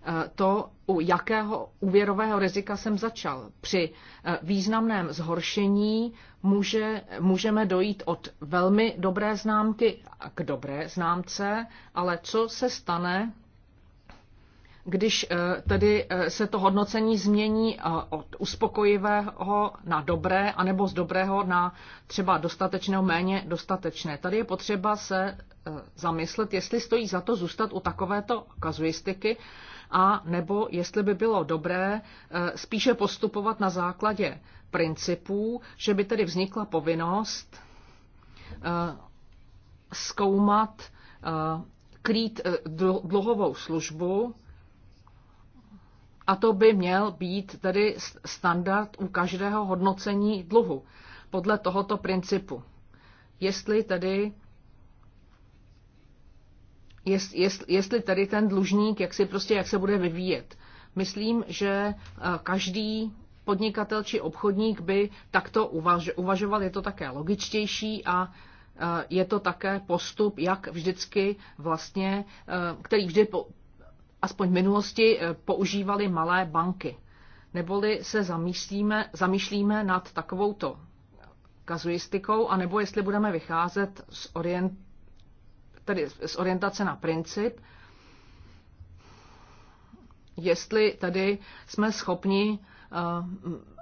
Eh, to, u jakého úvěrového rizika jsem začal. Při eh, významném zhoršení může, můžeme dojít od velmi dobré známky k dobré známce, ale co se stane, když eh, tedy se to hodnocení změní od uspokojivého na dobré, anebo z dobrého na třeba dostatečného méně dostatečné. Tady je potřeba se zamyslet, jestli stojí za to zůstat u takovéto kazuistiky, a nebo jestli by bylo dobré eh, spíše postupovat na základě principů, že by tedy vznikla povinnost eh, zkoumat eh, krýt dluhovou službu a to by měl být tedy standard u každého hodnocení dluhu podle tohoto principu. Jestli tedy jest, jest, jestli tady ten dlužník, jak si prostě, jak se bude vyvíjet. Myslím, že eh, každý podnikatel či obchodník by takto uvaž, uvažoval, je to také logičtější a eh, je to také postup, jak vždycky vlastně, eh, který vždy po, aspoň v minulosti používali malé banky. Neboli se zamýšlíme, zamýšlíme nad takovouto kazuistikou, anebo jestli budeme vycházet z orient, tedy z orientace na princip, jestli tedy jsme schopni eh,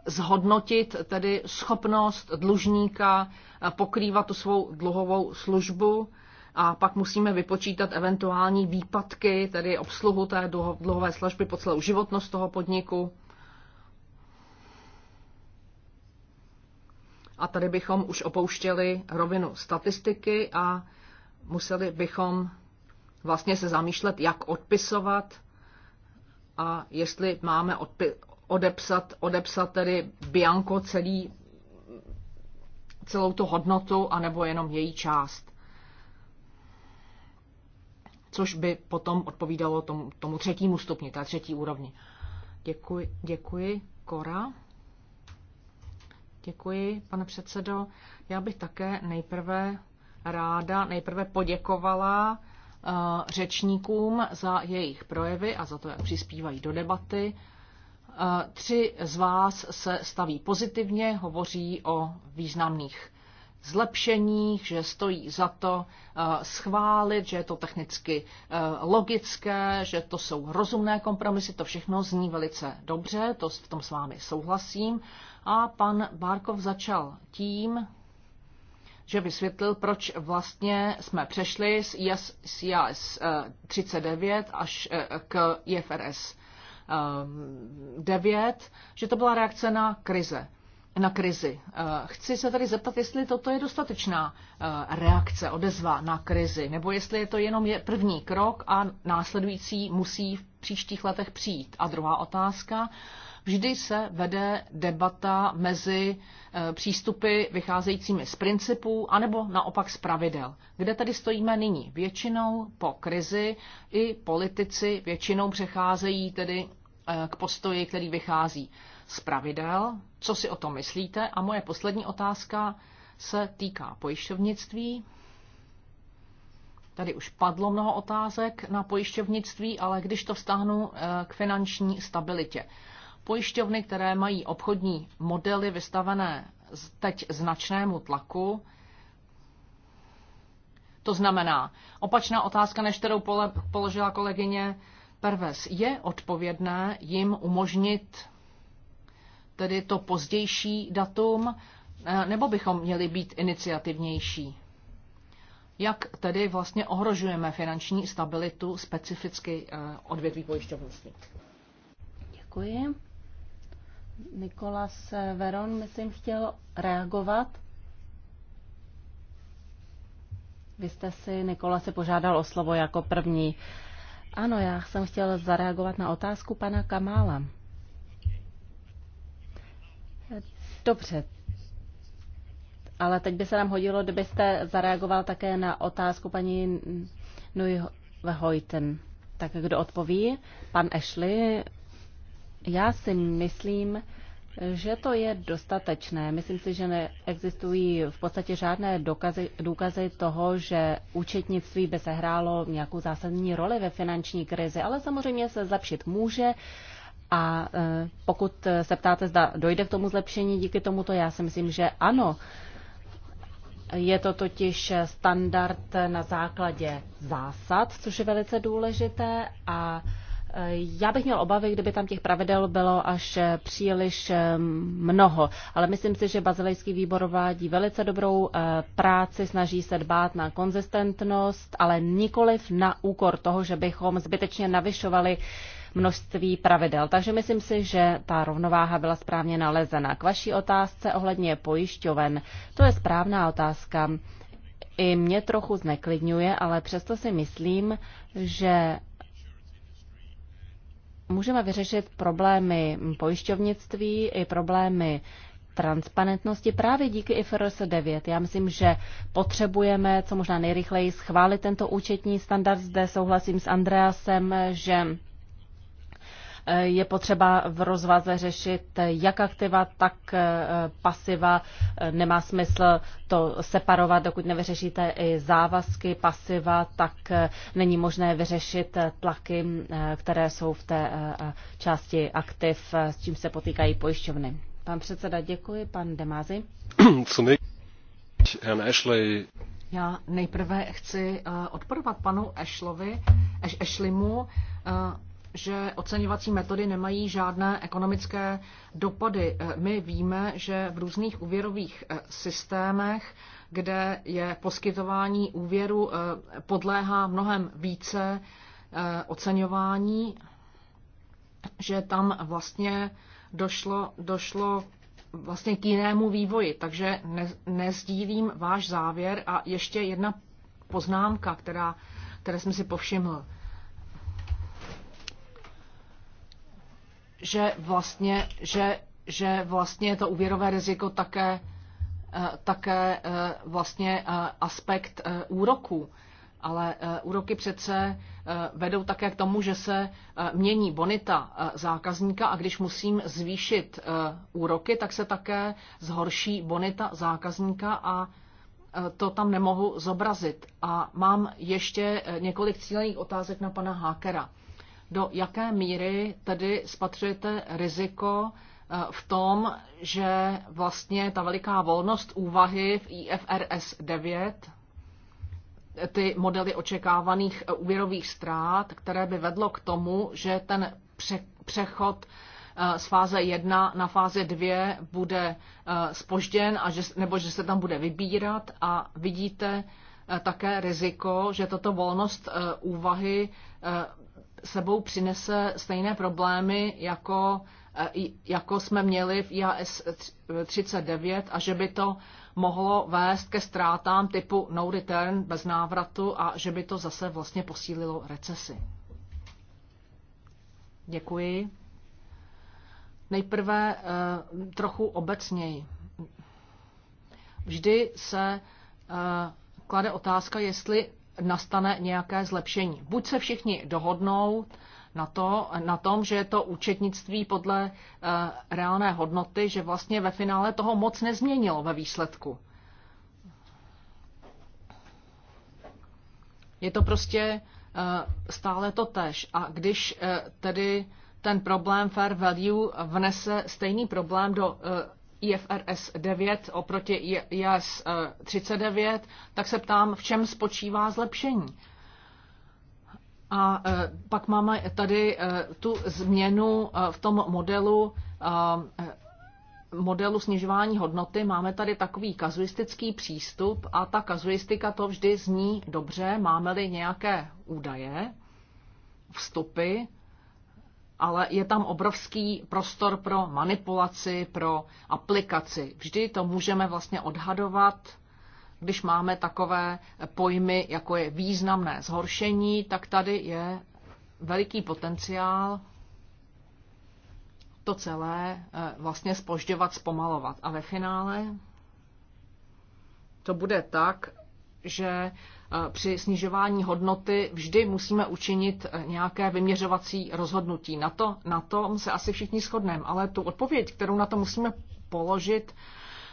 zhodnotit tedy schopnost dlužníka eh, pokrývat tu svou dluhovou službu a pak musíme vypočítat eventuální výpadky, tedy obsluhu té dluhové služby po celou životnost toho podniku. A tady bychom už opouštěli rovinu statistiky a museli bychom vlastně se zamýšlet, jak odpisovat a jestli máme odpi- odepsat, odepsat tedy Bianco celý, celou tu hodnotu, anebo jenom její část. Což by potom odpovídalo tomu, tomu třetímu stupni, té třetí úrovni. Děkuji, děkuji Kora. Děkuji, pane předsedo. Já bych také nejprve ráda nejprve poděkovala eh, řečníkům za jejich projevy a za to, jak přispívají do debaty. Eh, tři z vás se staví pozitivně, hovoří o významných zlepšeních, že stojí za to eh, schválit, že je to technicky logické, že to jsou rozumné kompromisy, to všechno zní velice dobře, to v tom s vámi souhlasím. A pan Bárkov začal tím, že vysvětlil, proč vlastně jsme přešli z IAS, z IAS 39 eh, až eh, k IFRS 9, ehm, že to byla reakce na krize na krizi. Eh, chci se tady zeptat, jestli toto je dostatečná reakce, odezva na krizi, nebo jestli je to jenom první krok a následující musí příštích letech přijít? A druhá otázka. Vždy se vede debata mezi e, přístupy vycházejícími z principů anebo naopak z pravidel. Kde tedy stojíme nyní? Většinou po krizi i politici většinou přecházejí tedy e, k postoji, který vychází z pravidel. Co si o tom myslíte? A moje poslední otázka se týká pojišťovnictví. Tady už padlo mnoho otázek na pojišťovnictví, ale když to vztáhnu eh, k finanční stabilitě. Pojišťovny, které mají obchodní modely vystavené teď značnému tlaku, to znamená, opačná otázka, než kterou položila kolegyně Perves, je odpovědné jim umožnit tedy to pozdější datum, eh, nebo bychom měli být iniciativnější? Jak tedy vlastně ohrožujeme finanční stabilitu specificky eh, odvětví pojišťovnosti. Děkuji. Nikolas eh, Veron, myslím, chtěl reagovat. Vy jste si, Nikola, se požádal o slovo jako první. Ano, já jsem chtěl zareagovat na otázku pana Kamála. Dobře, ale teď by se nám hodilo, kdybyste zareagoval také na otázku paní Neuhojten. Tak kdo odpoví? Pan Ashley. Já si myslím, že to je dostatečné. Myslím si, že neexistují v podstatě žádné dokazy, důkazy toho, že účetnictví by sehrálo nějakou zásadní roli ve finanční krizi, ale samozřejmě se zlepšit může. A e, pokud se ptáte, zda dojde k tomu zlepšení díky tomuto, já si myslím, že ano. Je to totiž standard na základě zásad, což je velice důležité a eh, já bych měl obavy, kdyby tam těch pravidel bylo až eh, příliš eh, mnoho, ale myslím si, že bazilejský výbor vádí velice dobrou práci, snaží se dbát na konzistentnost, ale nikoliv na úkor toho, že bychom zbytečně navyšovali množství pravidel. Takže myslím si, že ta rovnováha byla správně nalezena. K vaší otázce ohledně pojišťoven, to je správná otázka. I mě trochu zneklidňuje, ale přesto si myslím, že můžeme vyřešit problémy pojišťovnictví i problémy transparentnosti právě díky IFRS 9. Já myslím, že potřebujeme co možná nejrychleji schválit tento účetní standard. Zde souhlasím s Andreasem, že je potřeba v rozvaze řešit jak aktiva, tak eh, pasiva. Nemá smysl to separovat, dokud nevyřešíte i závazky pasiva, tak eh, není možné vyřešit eh, tlaky, které jsou v té části aktiv, s čím se potýkají pojišťovny. Pan předseda, děkuji. Pan Demázy. Já nejprve chci odporovat panu Ashlovi, Ešlimu. Ashlimu že oceňovací metody nemají žádné ekonomické dopady. E, my víme, že v různých úvěrových e, systémech, kde je poskytování úvěru, e, podléhá mnohem více oceňování, že tam vlastně došlo, došlo vlastně k jinému vývoji. Takže ne, nezdílím váš závěr a ještě jedna poznámka, která, které jsem si povšiml. že vlastně, že, že vlastně to úvěrové riziko také, eh, také eh, vlastně eh, aspekt úroků. Ale úroky přece vedou také k tomu, že se mění bonita zákazníka a když musím zvýšit úroky, tak se také zhorší bonita zákazníka a to tam nemohu zobrazit. A mám ještě několik cílených otázek na pana Hákera do jaké míry tedy spatřujete riziko eh, v tom, že vlastně ta veliká volnost úvahy v IFRS 9, ty modely očekávaných eh, úvěrových ztrát, které by vedlo k tomu, že ten přechod eh, z fáze 1 na fáze 2 bude spožděn a že, nebo že se tam bude vybírat a vidíte také riziko, že tato volnost úvahy sebou přinese stejné problémy, jako, e, jako jsme měli v IAS 39 a že by to mohlo vést ke ztrátám typu no return bez návratu a že by to zase vlastně posílilo recesi. Děkuji. Nejprve e, trochu obecněji. Vždy se e, klade otázka, jestli nastane nějaké zlepšení. Buď se všichni dohodnou na, to, na tom, že je to účetnictví podle eh, reálné hodnoty, že vlastně ve finále toho moc nezměnilo ve výsledku. Je to prostě eh, stále to tež. A když eh, tedy ten problém fair value vnese stejný problém do IFRS 9 oproti IAS 39, eh, tak se ptám, v čem spočívá zlepšení. A eh, pak máme tady eh, tu změnu v tom modelu modelu snižování hodnoty máme tady takový kazuistický přístup a ta kazuistika to vždy zní dobře, máme-li nějaké údaje, vstupy, ale je tam obrovský prostor pro manipulaci, pro aplikaci. Vždy to můžeme vlastně odhadovat, když máme takové pojmy, jako je významné zhoršení, tak tady je veliký potenciál to celé eh, vlastně spožďovat, zpomalovat. A ve finále to bude tak, že Eh, při snižování hodnoty vždy musíme učinit eh, nějaké vyměřovací rozhodnutí. Na, to, na tom se asi všichni shodneme, ale tu odpověď, kterou na to musíme položit,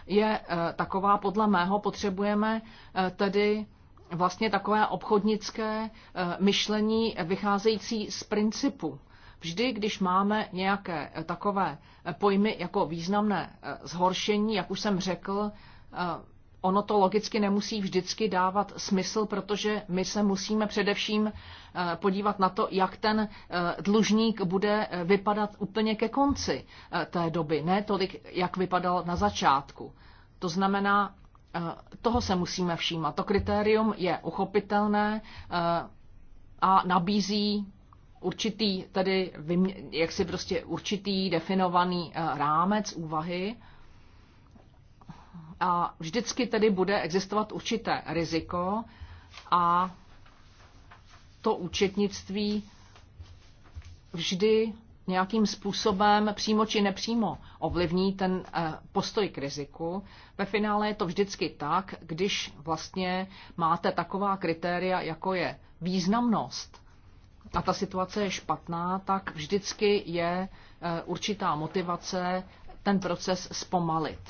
je eh, taková, podle mého potřebujeme tedy vlastně takové obchodnické myšlení vycházející z principu. Vždy, když máme nějaké takové pojmy jako významné zhoršení, jak už jsem řekl, ono to logicky nemusí vždycky dávat smysl, protože my se musíme především eh, podívat na to, jak ten eh, dlužník bude eh, vypadat úplně ke konci té doby, ne tolik, jak vypadal na začátku. To znamená, toho se musíme všímat. To kritérium je uchopitelné a nabízí určitý, tedy jaksi prostě určitý definovaný rámec úvahy, a vždycky tedy bude existovat určité riziko a to účetnictví vždy nějakým způsobem přímo či nepřímo ovlivní ten eh, postoj k riziku. Ve finále je to vždycky tak, když vlastně máte taková kritéria, jako je významnost a ta situace je špatná, tak vždycky je eh, určitá motivace ten proces zpomalit.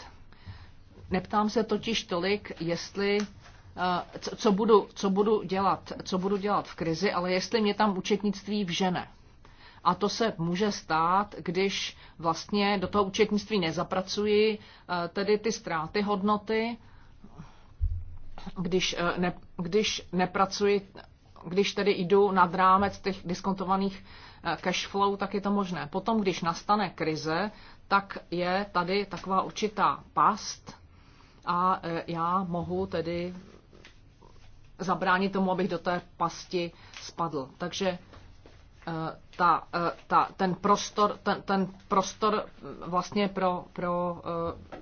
Neptám se totiž tolik, jestli eh, co budu, co budu dělat, co budu dělat v krizi, ale jestli mě tam účetnictví vžene. A to se může stát, když vlastně do toho účetnictví nezapracuji, eh, tedy ty ztráty hodnoty, když, eh, ne, když nepracuji, když tedy jdu nad rámec těch diskontovaných cash flow, tak je to možné. Potom, když nastane krize, tak je tady taková určitá past, a e, já mohu tedy zabránit tomu, abych do té pasti spadl. Takže e, ta, e, ta, ten, prostor, ten, ten prostor vlastně pro, pro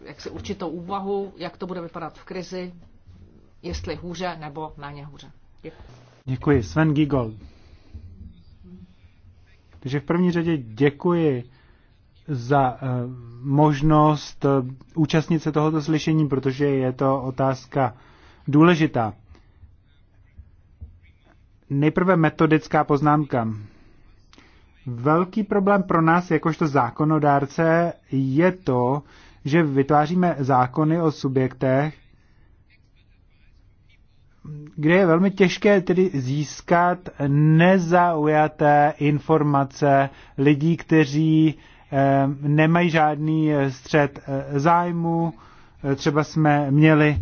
jaksi určitou úvahu, jak to bude vypadat v krizi, jestli hůře nebo méně hůře. Děkuji. Děkuji. Sven Gigol. Takže v první řadě děkuji za eh, možnost eh, účastnit se tohoto slyšení, protože je to otázka důležitá. Nejprve metodická poznámka. Velký problém pro nás, jakožto zákonodárce, je to, že vytváříme zákony o subjektech, kde je velmi těžké tedy získat nezaujaté informace lidí, kteří Eh, nemají žádný eh, střed eh, zájmu. Třeba jsme měli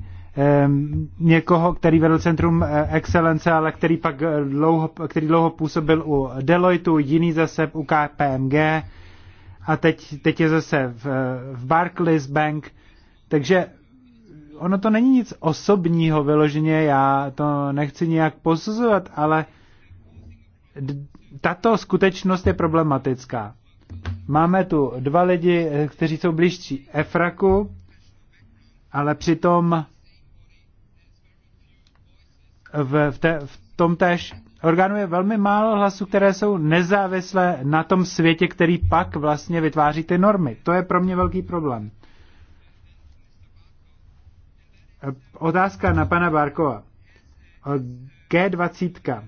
někoho, který vedl Centrum Excelence, ale který pak dlouho, který dlouho působil u Deloitu, jiný zase u KPMG a teď, teď je zase v, v Barclays Bank. Takže ono to není nic osobního vyloženě, já to nechci nějak posuzovat, ale tato skutečnost je problematická. Máme tu dva lidi, eh, kteří jsou blížší Efraku, ale přitom v, v, te, v tom též orgánu je velmi málo hlasů, které jsou nezávislé na tom světě, který pak vlastně vytváří ty normy. To je pro mě velký problém. Eh, otázka na pana Barkova. Eh, G20.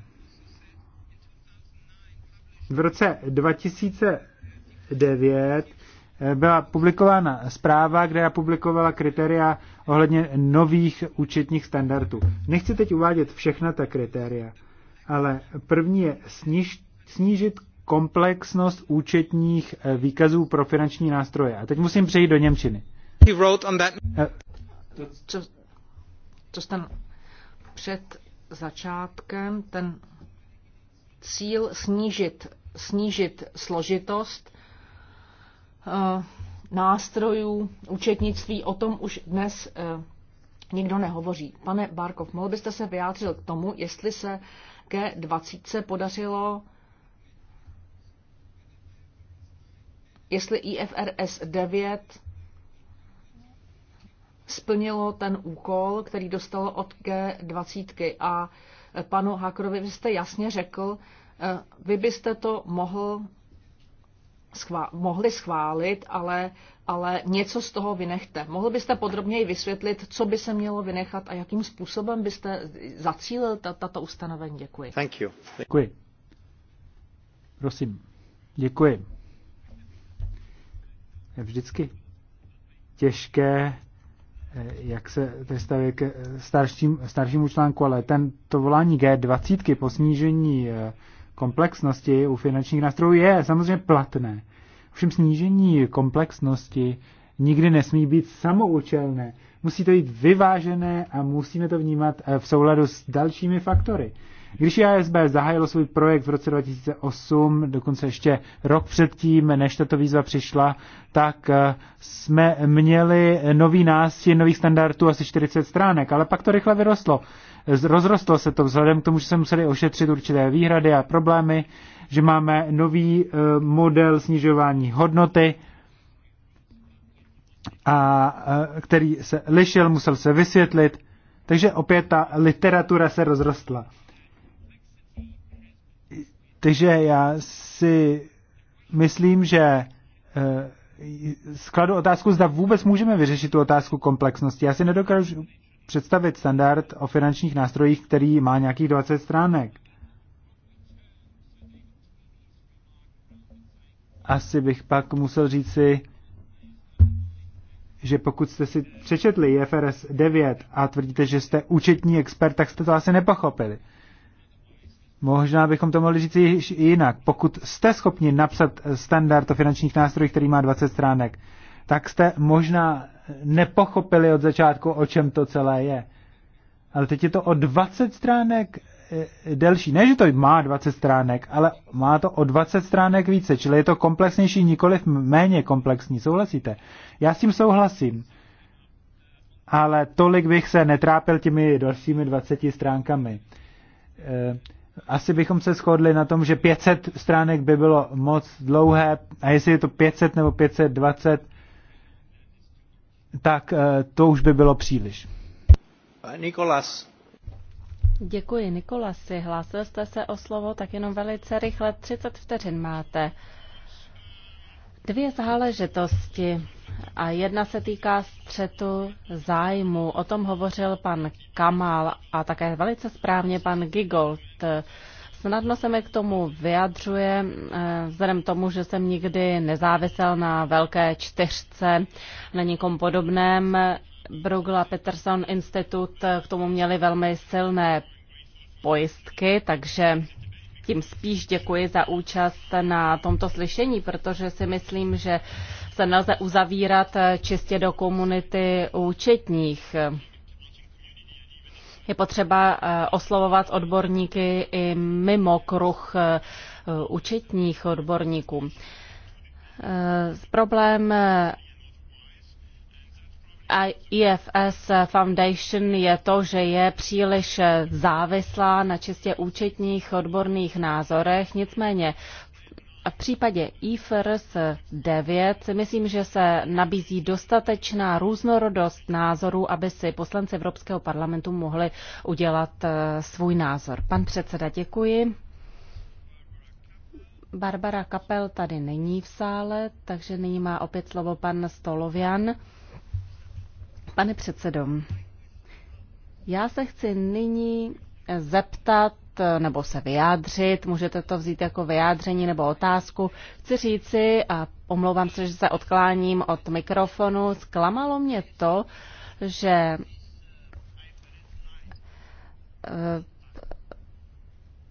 V roce 2000 2009 byla publikována zpráva, kde já publikovala kritéria ohledně nových účetních standardů. Nechci teď uvádět všechna ta kritéria, ale první je sniž, snížit komplexnost účetních eh, výkazů pro finanční nástroje. A teď musím přejít do Němčiny. Eh, co, co ten před začátkem, ten cíl snížit, snížit složitost Eh, nástrojů účetnictví, o tom už dnes eh, nikdo nehovoří. Pane Barkov, mohl byste se vyjádřit k tomu, jestli se ke 20 podařilo, jestli IFRS 9 splnilo ten úkol, který dostalo od G20. A eh, panu Hakrovi vy jste jasně řekl, vy byste to mohl schvál, mohli schválit, ale, ale něco z toho vynechte. Mohl byste podrobněji vysvětlit, co by se mělo vynechat a jakým způsobem byste zacílil tato ustanovení? Děkuji. Thank you. Děkuji. Prosím. Děkuji. Je vždycky těžké, eh, jak se tedy staví k eh, starším, staršímu článku, ale ten, to volání G20 po snížení eh, komplexnosti u finančních nástrojů je samozřejmě platné. Všem snížení komplexnosti nikdy nesmí být samoučelné. Musí to být vyvážené a musíme to vnímat eh, v souladu s dalšími faktory. Když ISB e zahájilo svůj projekt v roce 2008, dokonce ještě rok předtím, než tato výzva přišla, tak eh, jsme měli nový nástin nových standardů asi 40 stránek, ale pak to rychle vyrostlo. Rozrostlo se to vzhledem k tomu, že se museli ošetřit určité výhrady a problémy, že máme nový eh, model snižování hodnoty, a, eh, který se lišil, musel se vysvětlit, takže opět ta literatura se rozrostla. Takže já si myslím, že eh, skladu otázku, zda vůbec můžeme vyřešit tu otázku komplexnosti. Já si nedokážu představit standard o finančních nástrojích, který má nějakých 20 stránek. Asi bych pak musel říct si, že pokud jste si přečetli IFRS 9 a tvrdíte, že jste účetní expert, tak jste to asi nepochopili. Možná bychom to mohli říct i jinak. Pokud jste schopni napsat standard o finančních nástrojích, který má 20 stránek, tak jste možná nepochopili od začátku, o čem to celé je. Ale teď je to o 20 stránek eh, delší. Ne, že to má 20 stránek, ale má to o 20 stránek více, čili je to komplexnější, nikoliv méně komplexní. Souhlasíte? Já s tím souhlasím. Ale tolik bych se netrápil těmi dalšími 20 stránkami. E asi bychom se shodli na tom, že 500 stránek by bylo moc dlouhé a jestli je to 500 nebo 520, tak eh, to už by bylo příliš. Nikolas. Děkuji, Nikolasi. Hlásil jste se o slovo, tak jenom velice rychle 30 vteřin máte dvě záležitosti a jedna se týká střetu zájmu. O tom hovořil pan Kamal a také velice správně pan Gigold. Snadno se mi k tomu vyjadřuje, eh, vzhledem tomu, že jsem nikdy nezávisel na velké čtyřce, na nikom podobném. Brugla a Peterson Institut k tomu měli velmi silné pojistky, takže tím spíš děkuji za účast na tomto slyšení, protože si myslím, že se nelze uzavírat čistě do komunity účetních. Je potřeba eh, oslovovat odborníky i mimo kruh eh, účetních odborníků. Eh, problém IFS Foundation je to, že je příliš závislá na čistě účetních odborných názorech, nicméně v případě IFRS 9 si myslím, že se nabízí dostatečná různorodost názorů, aby si poslanci Evropského parlamentu mohli udělat eh, svůj názor. Pan předseda, děkuji. Barbara Kapel tady není v sále, takže nyní má opět slovo pan Stolovian. Pane předsedo, já se chci nyní zeptat nebo se vyjádřit, můžete to vzít jako vyjádření nebo otázku. Chci říci, a omlouvám se, že se odkláním od mikrofonu, zklamalo mě to, že eh,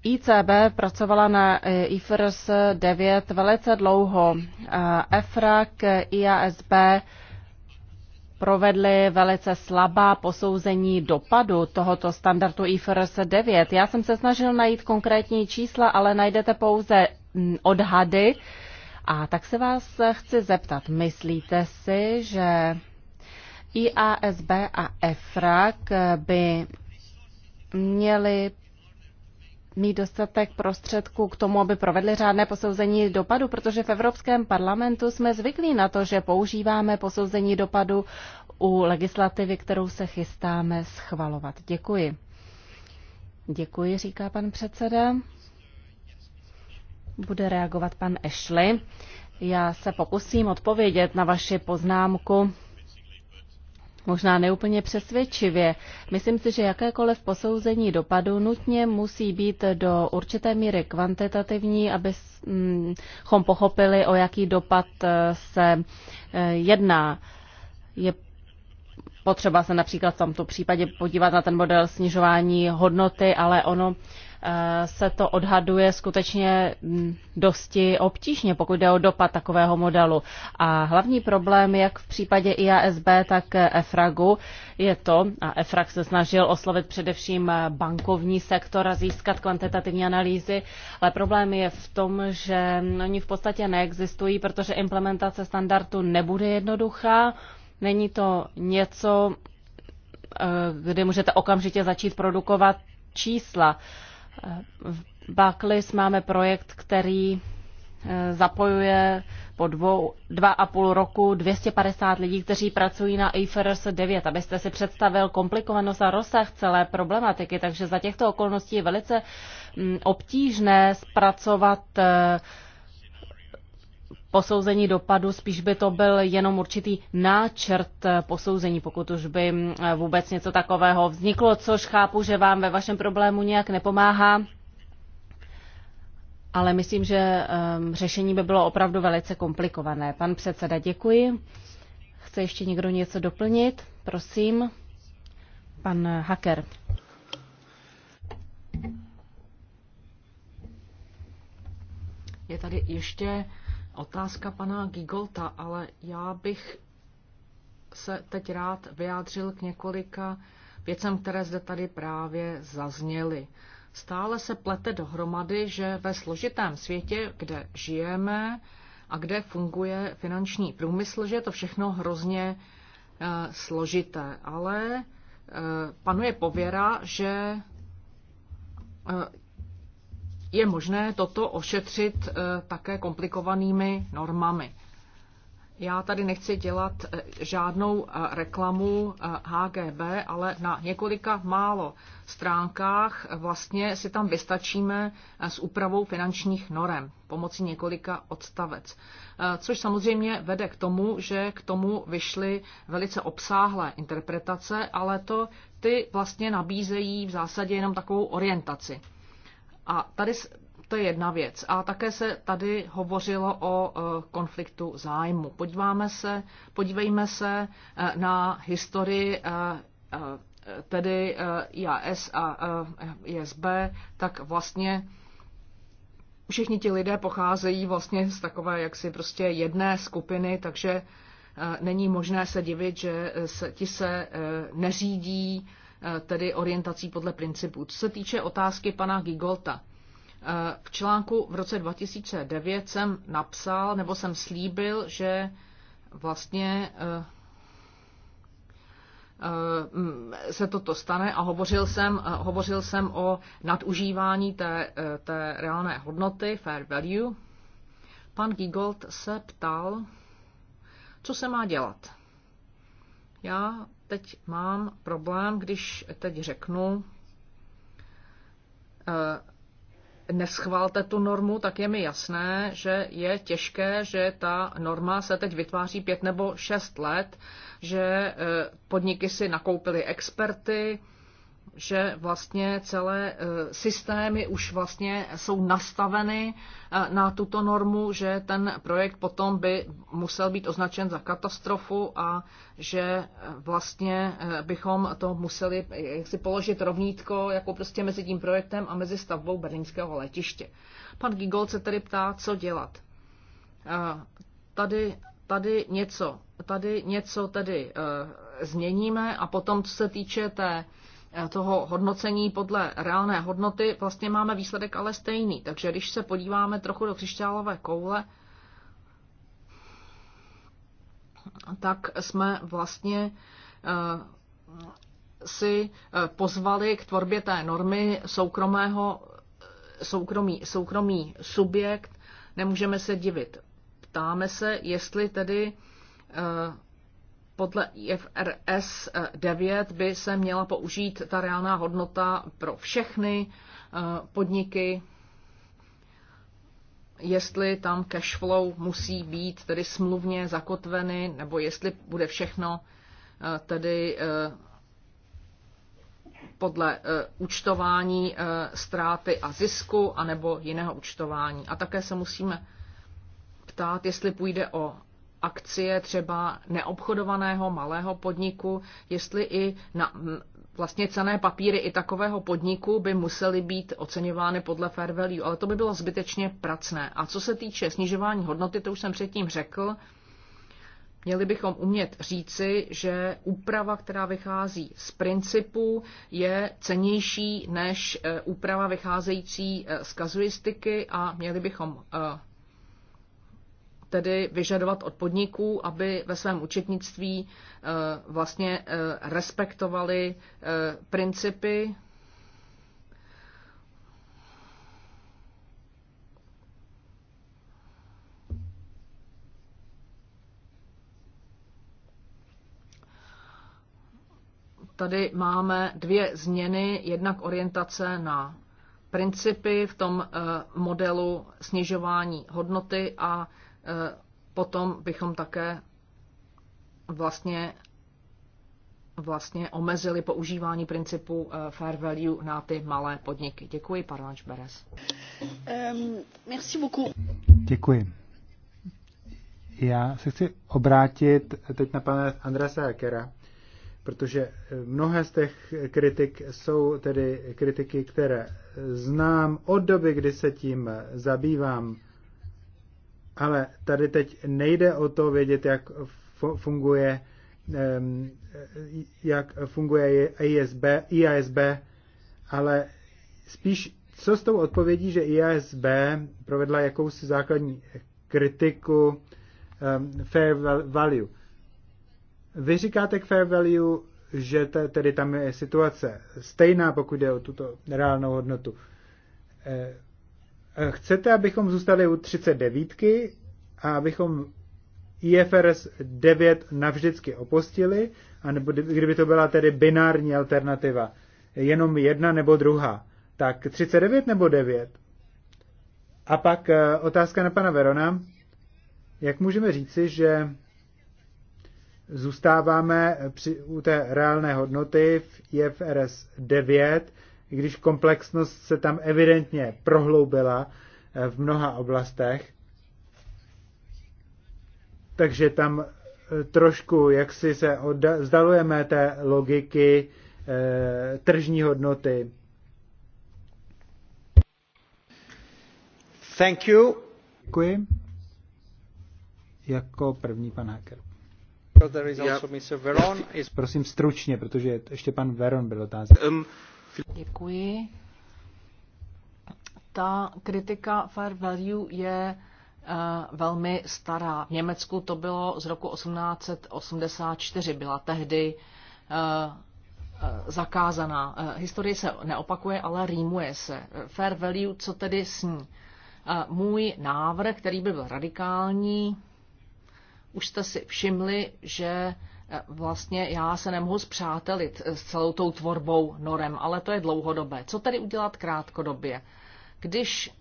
ICB pracovala na eh, IFRS 9 velice dlouho. EFRAK, IASB provedli velice slabá posouzení dopadu tohoto standardu IFRS 9. Já jsem se snažil najít konkrétní čísla, ale najdete pouze mm, odhady. A tak se vás chci zeptat, myslíte si, že IASB a EFRAG by měli mít dostatek prostředků k tomu, aby provedli řádné posouzení dopadu, protože v Evropském parlamentu jsme zvyklí na to, že používáme posouzení dopadu u legislativy, kterou se chystáme schvalovat. Děkuji. Děkuji, říká pan předseda. Bude reagovat pan Ashley. Já se pokusím odpovědět na vaši poznámku možná neúplně přesvědčivě. Myslím si, že jakékoliv posouzení dopadu nutně musí být do určité míry kvantitativní, abychom pochopili, o jaký dopad eh, se eh, jedná. Je potřeba se například v tomto případě podívat na ten model snižování hodnoty, ale ono Eh, se to odhaduje skutečně mm, dosti obtížně, pokud jde o dopad takového modelu. A hlavní problém, jak v případě IASB, tak EFRAGu, je to, a EFRAG se snažil oslovit především bankovní sektor a získat kvantitativní analýzy, ale problém je v tom, že oni v podstatě neexistují, protože implementace standardu nebude jednoduchá. Není to něco, eh, kdy můžete okamžitě začít produkovat čísla. V Barclays máme projekt, který eh, zapojuje po dvou, dva a půl roku 250 lidí, kteří pracují na IFRS 9. Abyste si představil komplikovanost a rozsah celé problematiky, takže za těchto okolností je velice mm, obtížné zpracovat eh, posouzení dopadu, spíš by to byl jenom určitý náčrt posouzení, pokud už by mm, vůbec něco takového vzniklo, což chápu, že vám ve vašem problému nějak nepomáhá. Ale myslím, že um, řešení by bylo opravdu velice komplikované. Pan předseda, děkuji. Chce ještě někdo něco doplnit? Prosím. Pan Hacker. Je tady ještě otázka pana Gigolta, ale já bych se teď rád vyjádřil k několika věcem, které zde tady právě zazněly. Stále se plete dohromady, že ve složitém světě, kde žijeme a kde funguje finanční průmysl, že je to všechno hrozně e, složité. Ale e, panuje pověra, že eh, je možné toto ošetřit eh, také komplikovanými normami. Já tady nechci dělat eh, žádnou eh, reklamu HGB, ale na několika málo stránkách vlastně si tam vystačíme s úpravou finančních norem pomocí několika odstavec. Což samozřejmě vede k tomu, že k tomu vyšly velice obsáhlé interpretace, ale to ty vlastně nabízejí v zásadě jenom takovou orientaci. A tady to je jedna věc. A také se tady hovořilo o e, konfliktu zájmu. Podíváme se, podívejme se e, na historii e, tedy IAS a ISB, tak vlastně všichni ti lidé pocházejí vlastně z takové jaksi prostě jedné skupiny, takže není možné se divit, že se, ti se neřídí Eh, tedy orientací podle principů. Co se týče otázky pana Gigolta, v eh, článku v roce 2009 jsem napsal, nebo jsem slíbil, že vlastně eh, se toto stane a hovořil jsem, hovořil jsem o nadužívání té, té reálné hodnoty, fair value. Pan Gigold se ptal, co se má dělat. Já teď mám problém, když teď řeknu, eh, neschválte tu normu, tak je mi jasné, že je těžké, že ta norma se teď vytváří pět nebo šest let, že eh, podniky si nakoupily experty, že vlastně celé e, systémy už vlastně jsou nastaveny e, na tuto normu, že ten projekt potom by musel být označen za katastrofu a že e, vlastně bychom to museli si položit rovnítko jako prostě mezi tím projektem a mezi stavbou berlínského letiště. Pan Gigol se tedy ptá, co dělat. Tady, tady něco, tady něco tedy změníme a potom, co se týče té toho hodnocení podle reálné hodnoty, vlastně máme výsledek ale stejný. Takže když se podíváme trochu do křišťálové koule, tak jsme vlastně eh, si eh, pozvali k tvorbě té normy soukromého, soukromý, soukromý subjekt. Nemůžeme se divit. Ptáme se, jestli tedy eh, podle IFRS 9 by se měla použít ta reálná hodnota pro všechny eh, podniky, jestli tam cash flow musí být tedy smluvně zakotveny, nebo jestli bude všechno eh, tedy eh, podle účtování ztráty a zisku, anebo jiného účtování. A také se musíme ptát, jestli půjde o akcie třeba neobchodovaného malého podniku, jestli i na vlastně cené papíry i takového podniku by musely být oceňovány podle fair value, ale to by bylo zbytečně pracné. A co se týče snižování hodnoty, to už jsem předtím řekl, měli bychom umět říci, že úprava, která vychází z principu, je cenější než e, úprava vycházející e, z kazuistiky a měli bychom e, tedy vyžadovat od podniků, aby ve svém účetnictví eh, vlastně eh, respektovali eh, principy Tady máme dvě změny, jednak orientace na principy v tom modelu snižování hodnoty a Eh, potom bychom také vlastně vlastně omezili používání principu eh, fair value na ty malé podniky. Děkuji, Paranč Beres. Um, merci beaucoup. Děkuji. Já se chci obrátit teď na pana Andrese Akera, protože eh, mnohé z těch kritik jsou tedy kritiky, které znám od doby, kdy se tím zabývám ale tady teď nejde o to vědět, jak funguje jak funguje ISB, IASB, ale spíš co s tou odpovědí, že IASB provedla jakousi základní kritiku fair value. Vy říkáte k fair value, že tedy tam je situace stejná, pokud je o tuto reálnou hodnotu. E, Chcete, abychom zůstali u 39 a abychom IFRS 9 navždycky opustili, anebo kdyby to byla tedy binární alternativa, jenom jedna nebo druhá, tak 39 nebo 9? A pak eh, otázka na pana Verona. Jak můžeme říci, že zůstáváme při, u té reálné hodnoty v IFRS 9, i když komplexnost se tam evidentně prohloubila eh, v mnoha oblastech, takže tam eh, trošku, jak si se vzdalujeme té logiky e, tržní hodnoty. Thank you. Děkuji. Jako první pan Hacker. Yeah. Prosím stručně, protože ještě pan Veron byl otázka. Um, Děkuji. Ta kritika fair value je eh, velmi stará. V Německu to bylo z roku 1884, byla tehdy eh, eh, zakázaná. Historie se neopakuje, ale rýmuje se. Fair value, co tedy sní? Můj návrh, který by byl radikální, už jste si všimli, že E, vlastně já se nemohu zpřátelit s celou tou tvorbou norem, ale to je dlouhodobé. Co tedy udělat krátkodobě? Když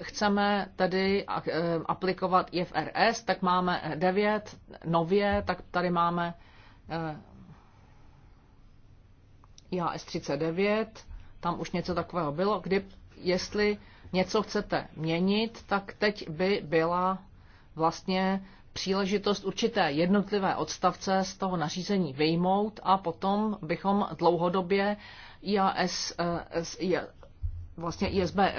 chceme tedy e, aplikovat IFRS, tak máme 9, nově, tak tady máme e, IAS 39, tam už něco takového bylo, kdy jestli něco chcete měnit, tak teď by byla vlastně příležitost určité jednotlivé odstavce z toho nařízení vyjmout a potom bychom dlouhodobě IAS, eh, vlastně ISB eh,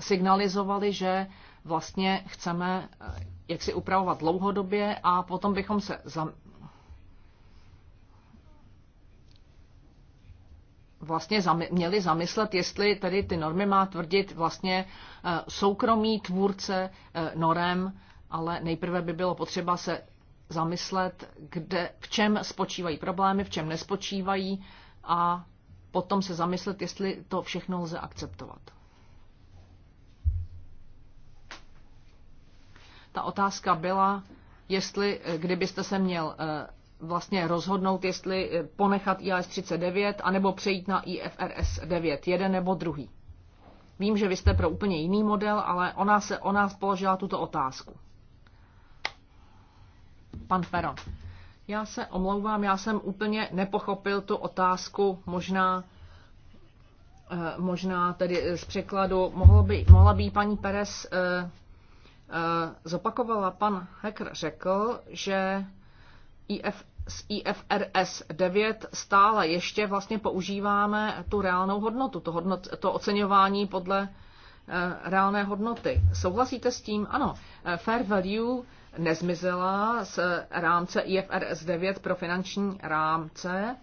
signalizovali, že vlastně chceme eh, jak si upravovat dlouhodobě a potom bychom se za... vlastně zam... měli zamyslet, jestli tedy ty normy má tvrdit vlastně soukromý tvůrce norem, ale nejprve by bylo potřeba se zamyslet, kde, v čem spočívají problémy, v čem nespočívají a potom se zamyslet, jestli to všechno lze akceptovat. Ta otázka byla, jestli, kdybyste se měl eh, vlastně rozhodnout, jestli eh, ponechat IAS 39, anebo přejít na IFRS 9, jeden nebo druhý. Vím, že vy jste pro úplně jiný model, ale ona se o nás položila tuto otázku. Pan Feron. Já se omlouvám, já jsem úplně nepochopil tu otázku, možná, eh, možná tedy z překladu. Mohlo by, mohla by paní Perez eh, eh, zopakovala. Pan Hekr řekl, že IF, z IFRS 9 stále ještě vlastně používáme tu reálnou hodnotu, to, hodnot, to oceňování podle Eh, reálné hodnoty. Souhlasíte s tím? Ano. Eh, fair value nezmizela z rámce IFRS 9 pro finanční rámce,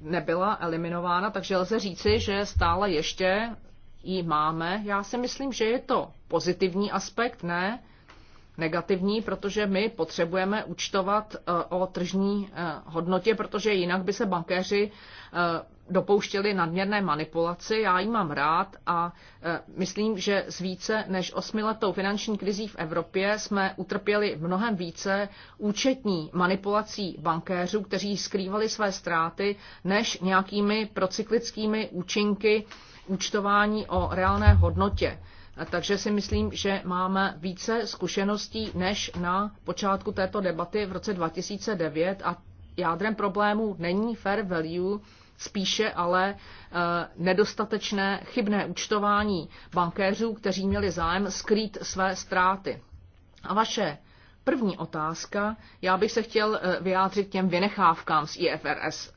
nebyla eliminována, takže lze říci, že stále ještě ji máme. Já si myslím, že je to pozitivní aspekt, ne negativní, protože my potřebujeme účtovat eh, o tržní hodnotě, protože jinak by se bankéři dopouštěli nadměrné manipulaci. Já ji mám rád a e, myslím, že s více než osmiletou finanční krizí v Evropě jsme utrpěli mnohem více účetní manipulací bankéřů, kteří skrývali své ztráty, než nějakými procyklickými účinky účtování o reálné hodnotě. E, takže si myslím, že máme více zkušeností než na počátku této debaty v roce 2009 a jádrem problému není fair value, spíše ale eh, nedostatečné chybné účtování bankéřů, kteří měli zájem skrýt své ztráty. A vaše první otázka, já bych se chtěl eh, vyjádřit těm vynechávkám z IFRS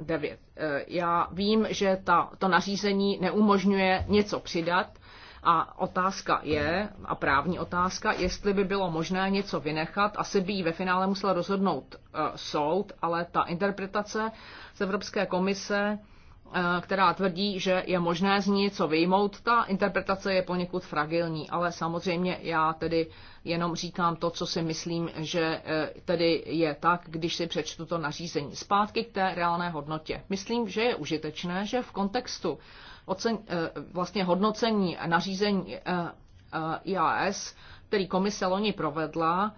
9. Eh, já vím, že ta, to nařízení neumožňuje něco přidat, a otázka je, a právní otázka, jestli by bylo možné něco vynechat, asi by jí ve finále musel rozhodnout e, soud, ale ta interpretace z Evropské komise e, která tvrdí, že je možné z ní něco vyjmout. Ta interpretace je poněkud fragilní, ale samozřejmě já tedy jenom říkám to, co si myslím, že e, tedy je tak, když si přečtu to nařízení. Zpátky k té reálné hodnotě. Myslím, že je užitečné, že v kontextu ocen, eh, vlastně hodnocení nařízení eh, eh, IAS, který komise loni provedla,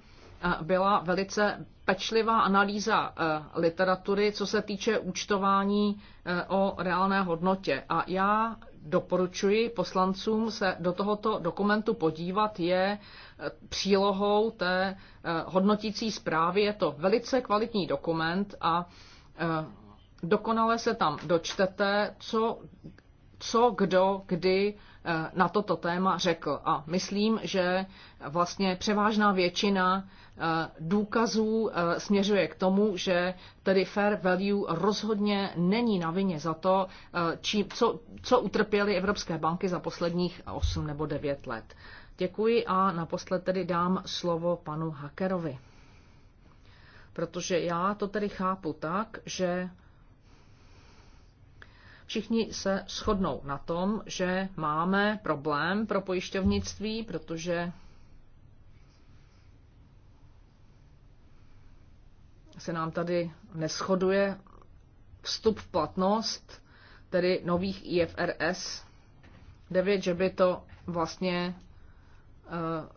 byla velice pečlivá analýza literatury, co se týče účtování o reálné hodnotě. A já doporučuji poslancům se do tohoto dokumentu podívat, je přílohou té hodnotící zprávy. Je to velice kvalitní dokument a dokonale se tam dočtete, co co kdo kdy eh, na toto téma řekl. A myslím, že vlastně převážná většina eh, důkazů eh, směřuje k tomu, že tedy fair value rozhodně není na vině za to, či, co, co utrpěly evropské banky za posledních 8 nebo 9 let. Děkuji a naposled tedy dám slovo panu Hakerovi. Protože já to tedy chápu tak, že Všichni se shodnou na tom, že máme problém pro pojišťovnictví, protože se nám tady neschoduje vstup v platnost, tedy nových IFRS 9, že by to vlastně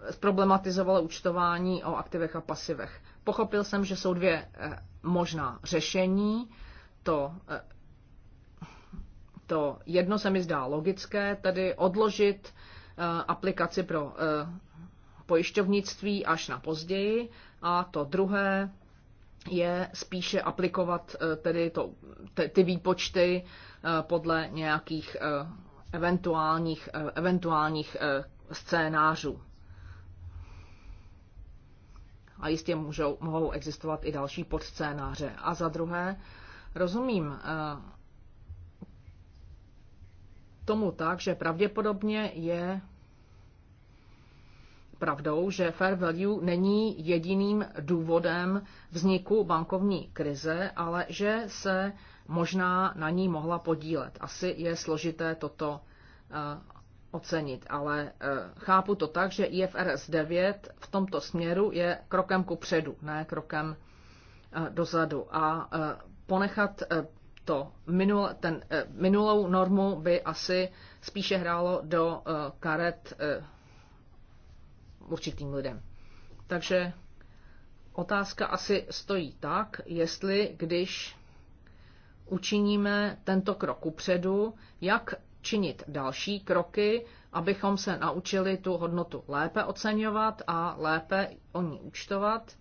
eh, zproblematizovalo účtování o aktivech a pasivech. Pochopil jsem, že jsou dvě eh, možná řešení. To eh, to jedno se mi zdá logické, tedy odložit eh, aplikaci pro eh, pojišťovnictví až na později a to druhé je spíše aplikovat eh, tedy to, ty, výpočty podle nějakých eventuálních, eventuálních scénářů. A jistě můžou, mohou existovat i další podscénáře. A za druhé, rozumím tomu tak, že pravděpodobně je pravdou, že fair value není jediným důvodem vzniku bankovní krize, ale že se možná na ní mohla podílet. Asi je složité toto eh, ocenit, ale eh, chápu to tak, že IFRS 9 v tomto směru je krokem ku předu, ne krokem eh, dozadu. A ponechat to minul, ten, eh, minulou normu by asi spíše hrálo do eh, karet eh, určitým lidem. Takže otázka asi stojí tak, jestli když učiníme tento krok upředu, jak činit další kroky, abychom se naučili tu hodnotu lépe oceňovat a lépe o ní účtovat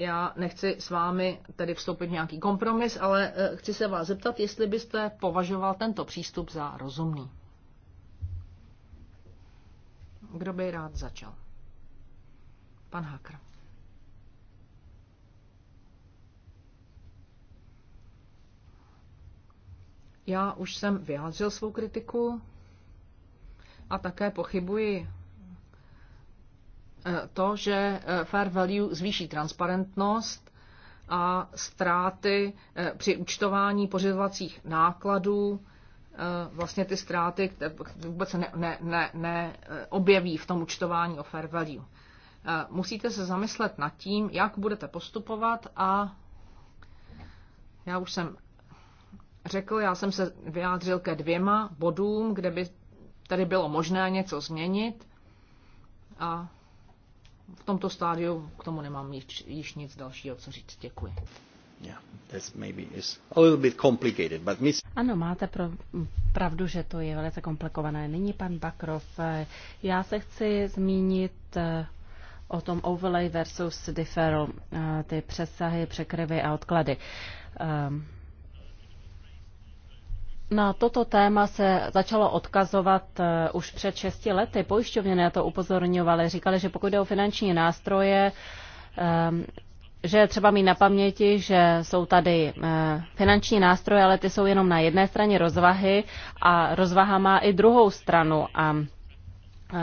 Já nechci s vámi tedy vstoupit v nějaký kompromis, ale eh, chci se vás zeptat, jestli byste považoval tento přístup za rozumný. Kdo by rád začal? Pan Hakr. Já už jsem vyjádřil svou kritiku a také pochybuji Eh, to, že eh, fair value zvýší transparentnost a ztráty eh, při účtování pořizovacích nákladů, vlastně ty ztráty které vůbec neobjeví ne, ne, ne, neobjeví v tom účtování o fair value. Musíte se zamyslet nad tím, jak budete postupovat a já už jsem řekl, já jsem se vyjádřil ke dvěma bodům, kde by tady bylo možné něco změnit a v tomto stádiu k tomu nemám již, již nic dalšího, co říct. Děkuji. Ano, máte pro, pravdu, že to je velice komplikované. Nyní pan Bakrov. Eh, já se chci zmínit eh, o tom overlay versus deferral, eh, ty přesahy, překryvy a odklady. Ehm, na toto téma se začalo odkazovat eh, už před šesti lety. Pojišťovně na to upozorňovali. Říkali, že pokud jde o finanční nástroje, ehm, že je třeba mít na paměti, že jsou tady eh, finanční nástroje, ale ty jsou jenom na jedné straně rozvahy a rozvaha má i druhou stranu. A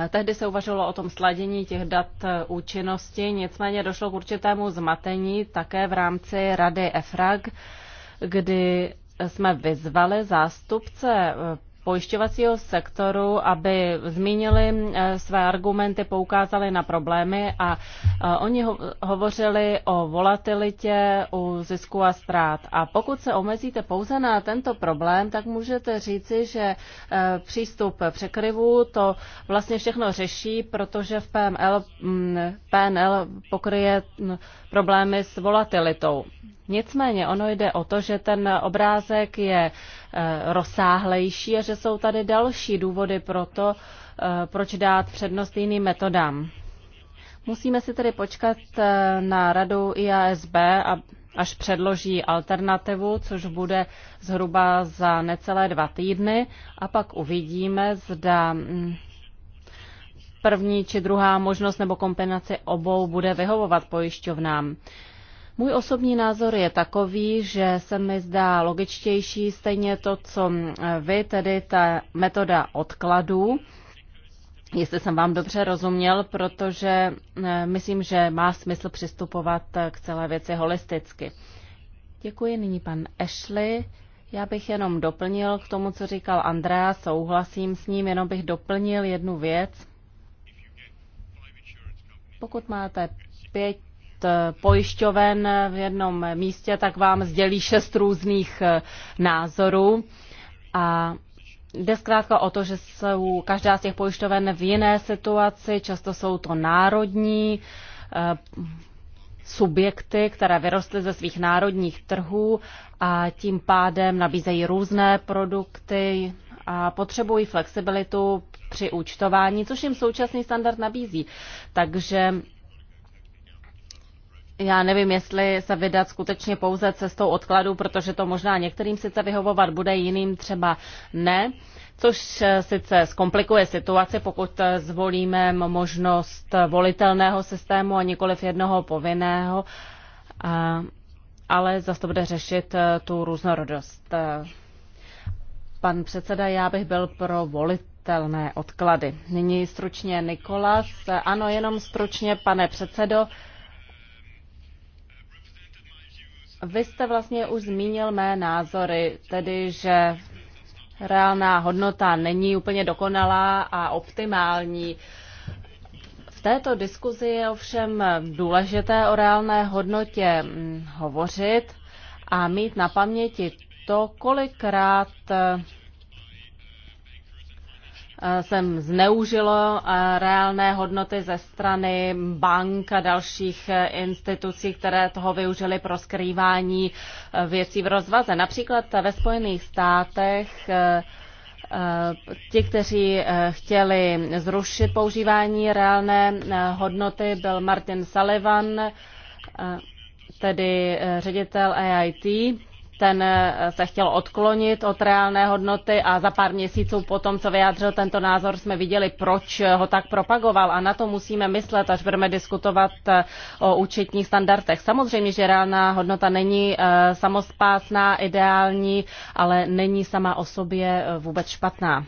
eh, Tehdy se uvažovalo o tom sladění těch dat účinnosti, nicméně došlo k určitému zmatení také v rámci Rady EFRAG, kdy jsme vyzvali zástupce eh, pojišťovacího sektoru, aby zmínili eh, své argumenty, poukázali na problémy a eh, oni hovořili o volatilitě u zisku a ztrát. A pokud se omezíte pouze na tento problém, tak můžete říci, že přístup překryvů to vlastně všechno řeší, protože v PML, mm, PNL pokryje mm, problémy s volatilitou. Nicméně ono jde o to, že ten obrázek je eh, rozsáhlejší a že jsou tady další důvody pro to, eh, proč dát přednost jiným metodám. Musíme si tedy počkat eh, na radu IASB, až předloží alternativu, což bude zhruba za necelé dva týdny a pak uvidíme, zda mm, první či druhá možnost nebo kombinace obou bude vyhovovat pojišťovnám. Můj osobní názor je takový, že se mi zdá logičtější stejně to, co mm, vy, tedy ta metoda odkladů, jestli jsem vám dobře rozuměl, protože mm, myslím, že má smysl přistupovat eh, k celé věci holisticky. Děkuji, nyní pan Ashley. Já bych jenom doplnil k tomu, co říkal Andrea, souhlasím s ním, jenom bych doplnil jednu věc. Pokud máte pět Eh, pojišťoven v jednom místě, tak vám sdělí šest různých eh, názorů. A Jde zkrátka o to, že jsou každá z těch pojišťoven v jiné situaci, často jsou to národní eh, subjekty, které vyrostly ze svých národních trhů a tím pádem nabízejí různé produkty a potřebují flexibilitu při účtování, což jim současný standard nabízí. Takže já nevím, jestli se vydat skutečně pouze cestou odkladu, protože to možná některým sice vyhovovat bude, jiným třeba ne, což eh, sice zkomplikuje situaci, pokud eh, zvolíme možnost volitelného systému a nikoliv jednoho povinného, ale zase to bude řešit eh, tu různorodost. Pan předseda, já bych byl pro volit odklady. Nyní stručně Nikolas. Ano, jenom stručně, pane předsedo. Vy jste vlastně už zmínil mé názory, tedy že reálná hodnota není úplně dokonalá a optimální. V této diskuzi je ovšem důležité o reálné hodnotě hm, hovořit a mít na paměti to, kolikrát Eh, sem zneužilo eh, reálné hodnoty ze strany bank a dalších eh, institucí, které toho využily pro skrývání věcí v rozvaze. Například ve Spojených státech Ti, kteří chtěli zrušit používání reálné hodnoty, byl Martin Sullivan, tedy ředitel AIT, ten eh, se chtěl odklonit od reálné hodnoty a za pár měsíců potom, co vyjádřil tento názor, jsme viděli, proč ho tak propagoval a na to musíme myslet, až budeme diskutovat eh, o účetních standardech. Samozřejmě, že reálná hodnota není eh, samozpásná, ideální, ale není sama o sobě vůbec špatná.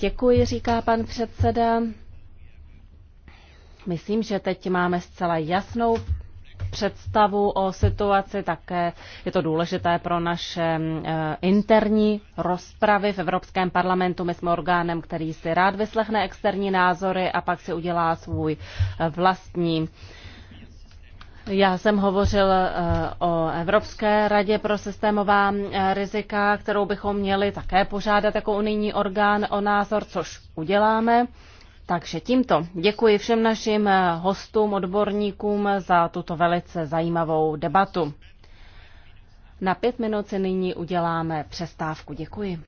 Děkuji, říká pan předseda. Myslím, že teď máme zcela jasnou představu o situaci, také je to důležité pro naše eh, interní rozpravy v Evropském parlamentu. My jsme orgánem, který si rád vyslechne externí názory a pak si udělá svůj eh, vlastní. Já jsem hovořil eh, o Evropské radě pro systémová rizika, kterou bychom měli také požádat jako unijní orgán o názor, což uděláme. Takže tímto děkuji všem našim eh, hostům, odborníkům za tuto velice zajímavou debatu. Na pět minut si nyní uděláme přestávku. Děkuji.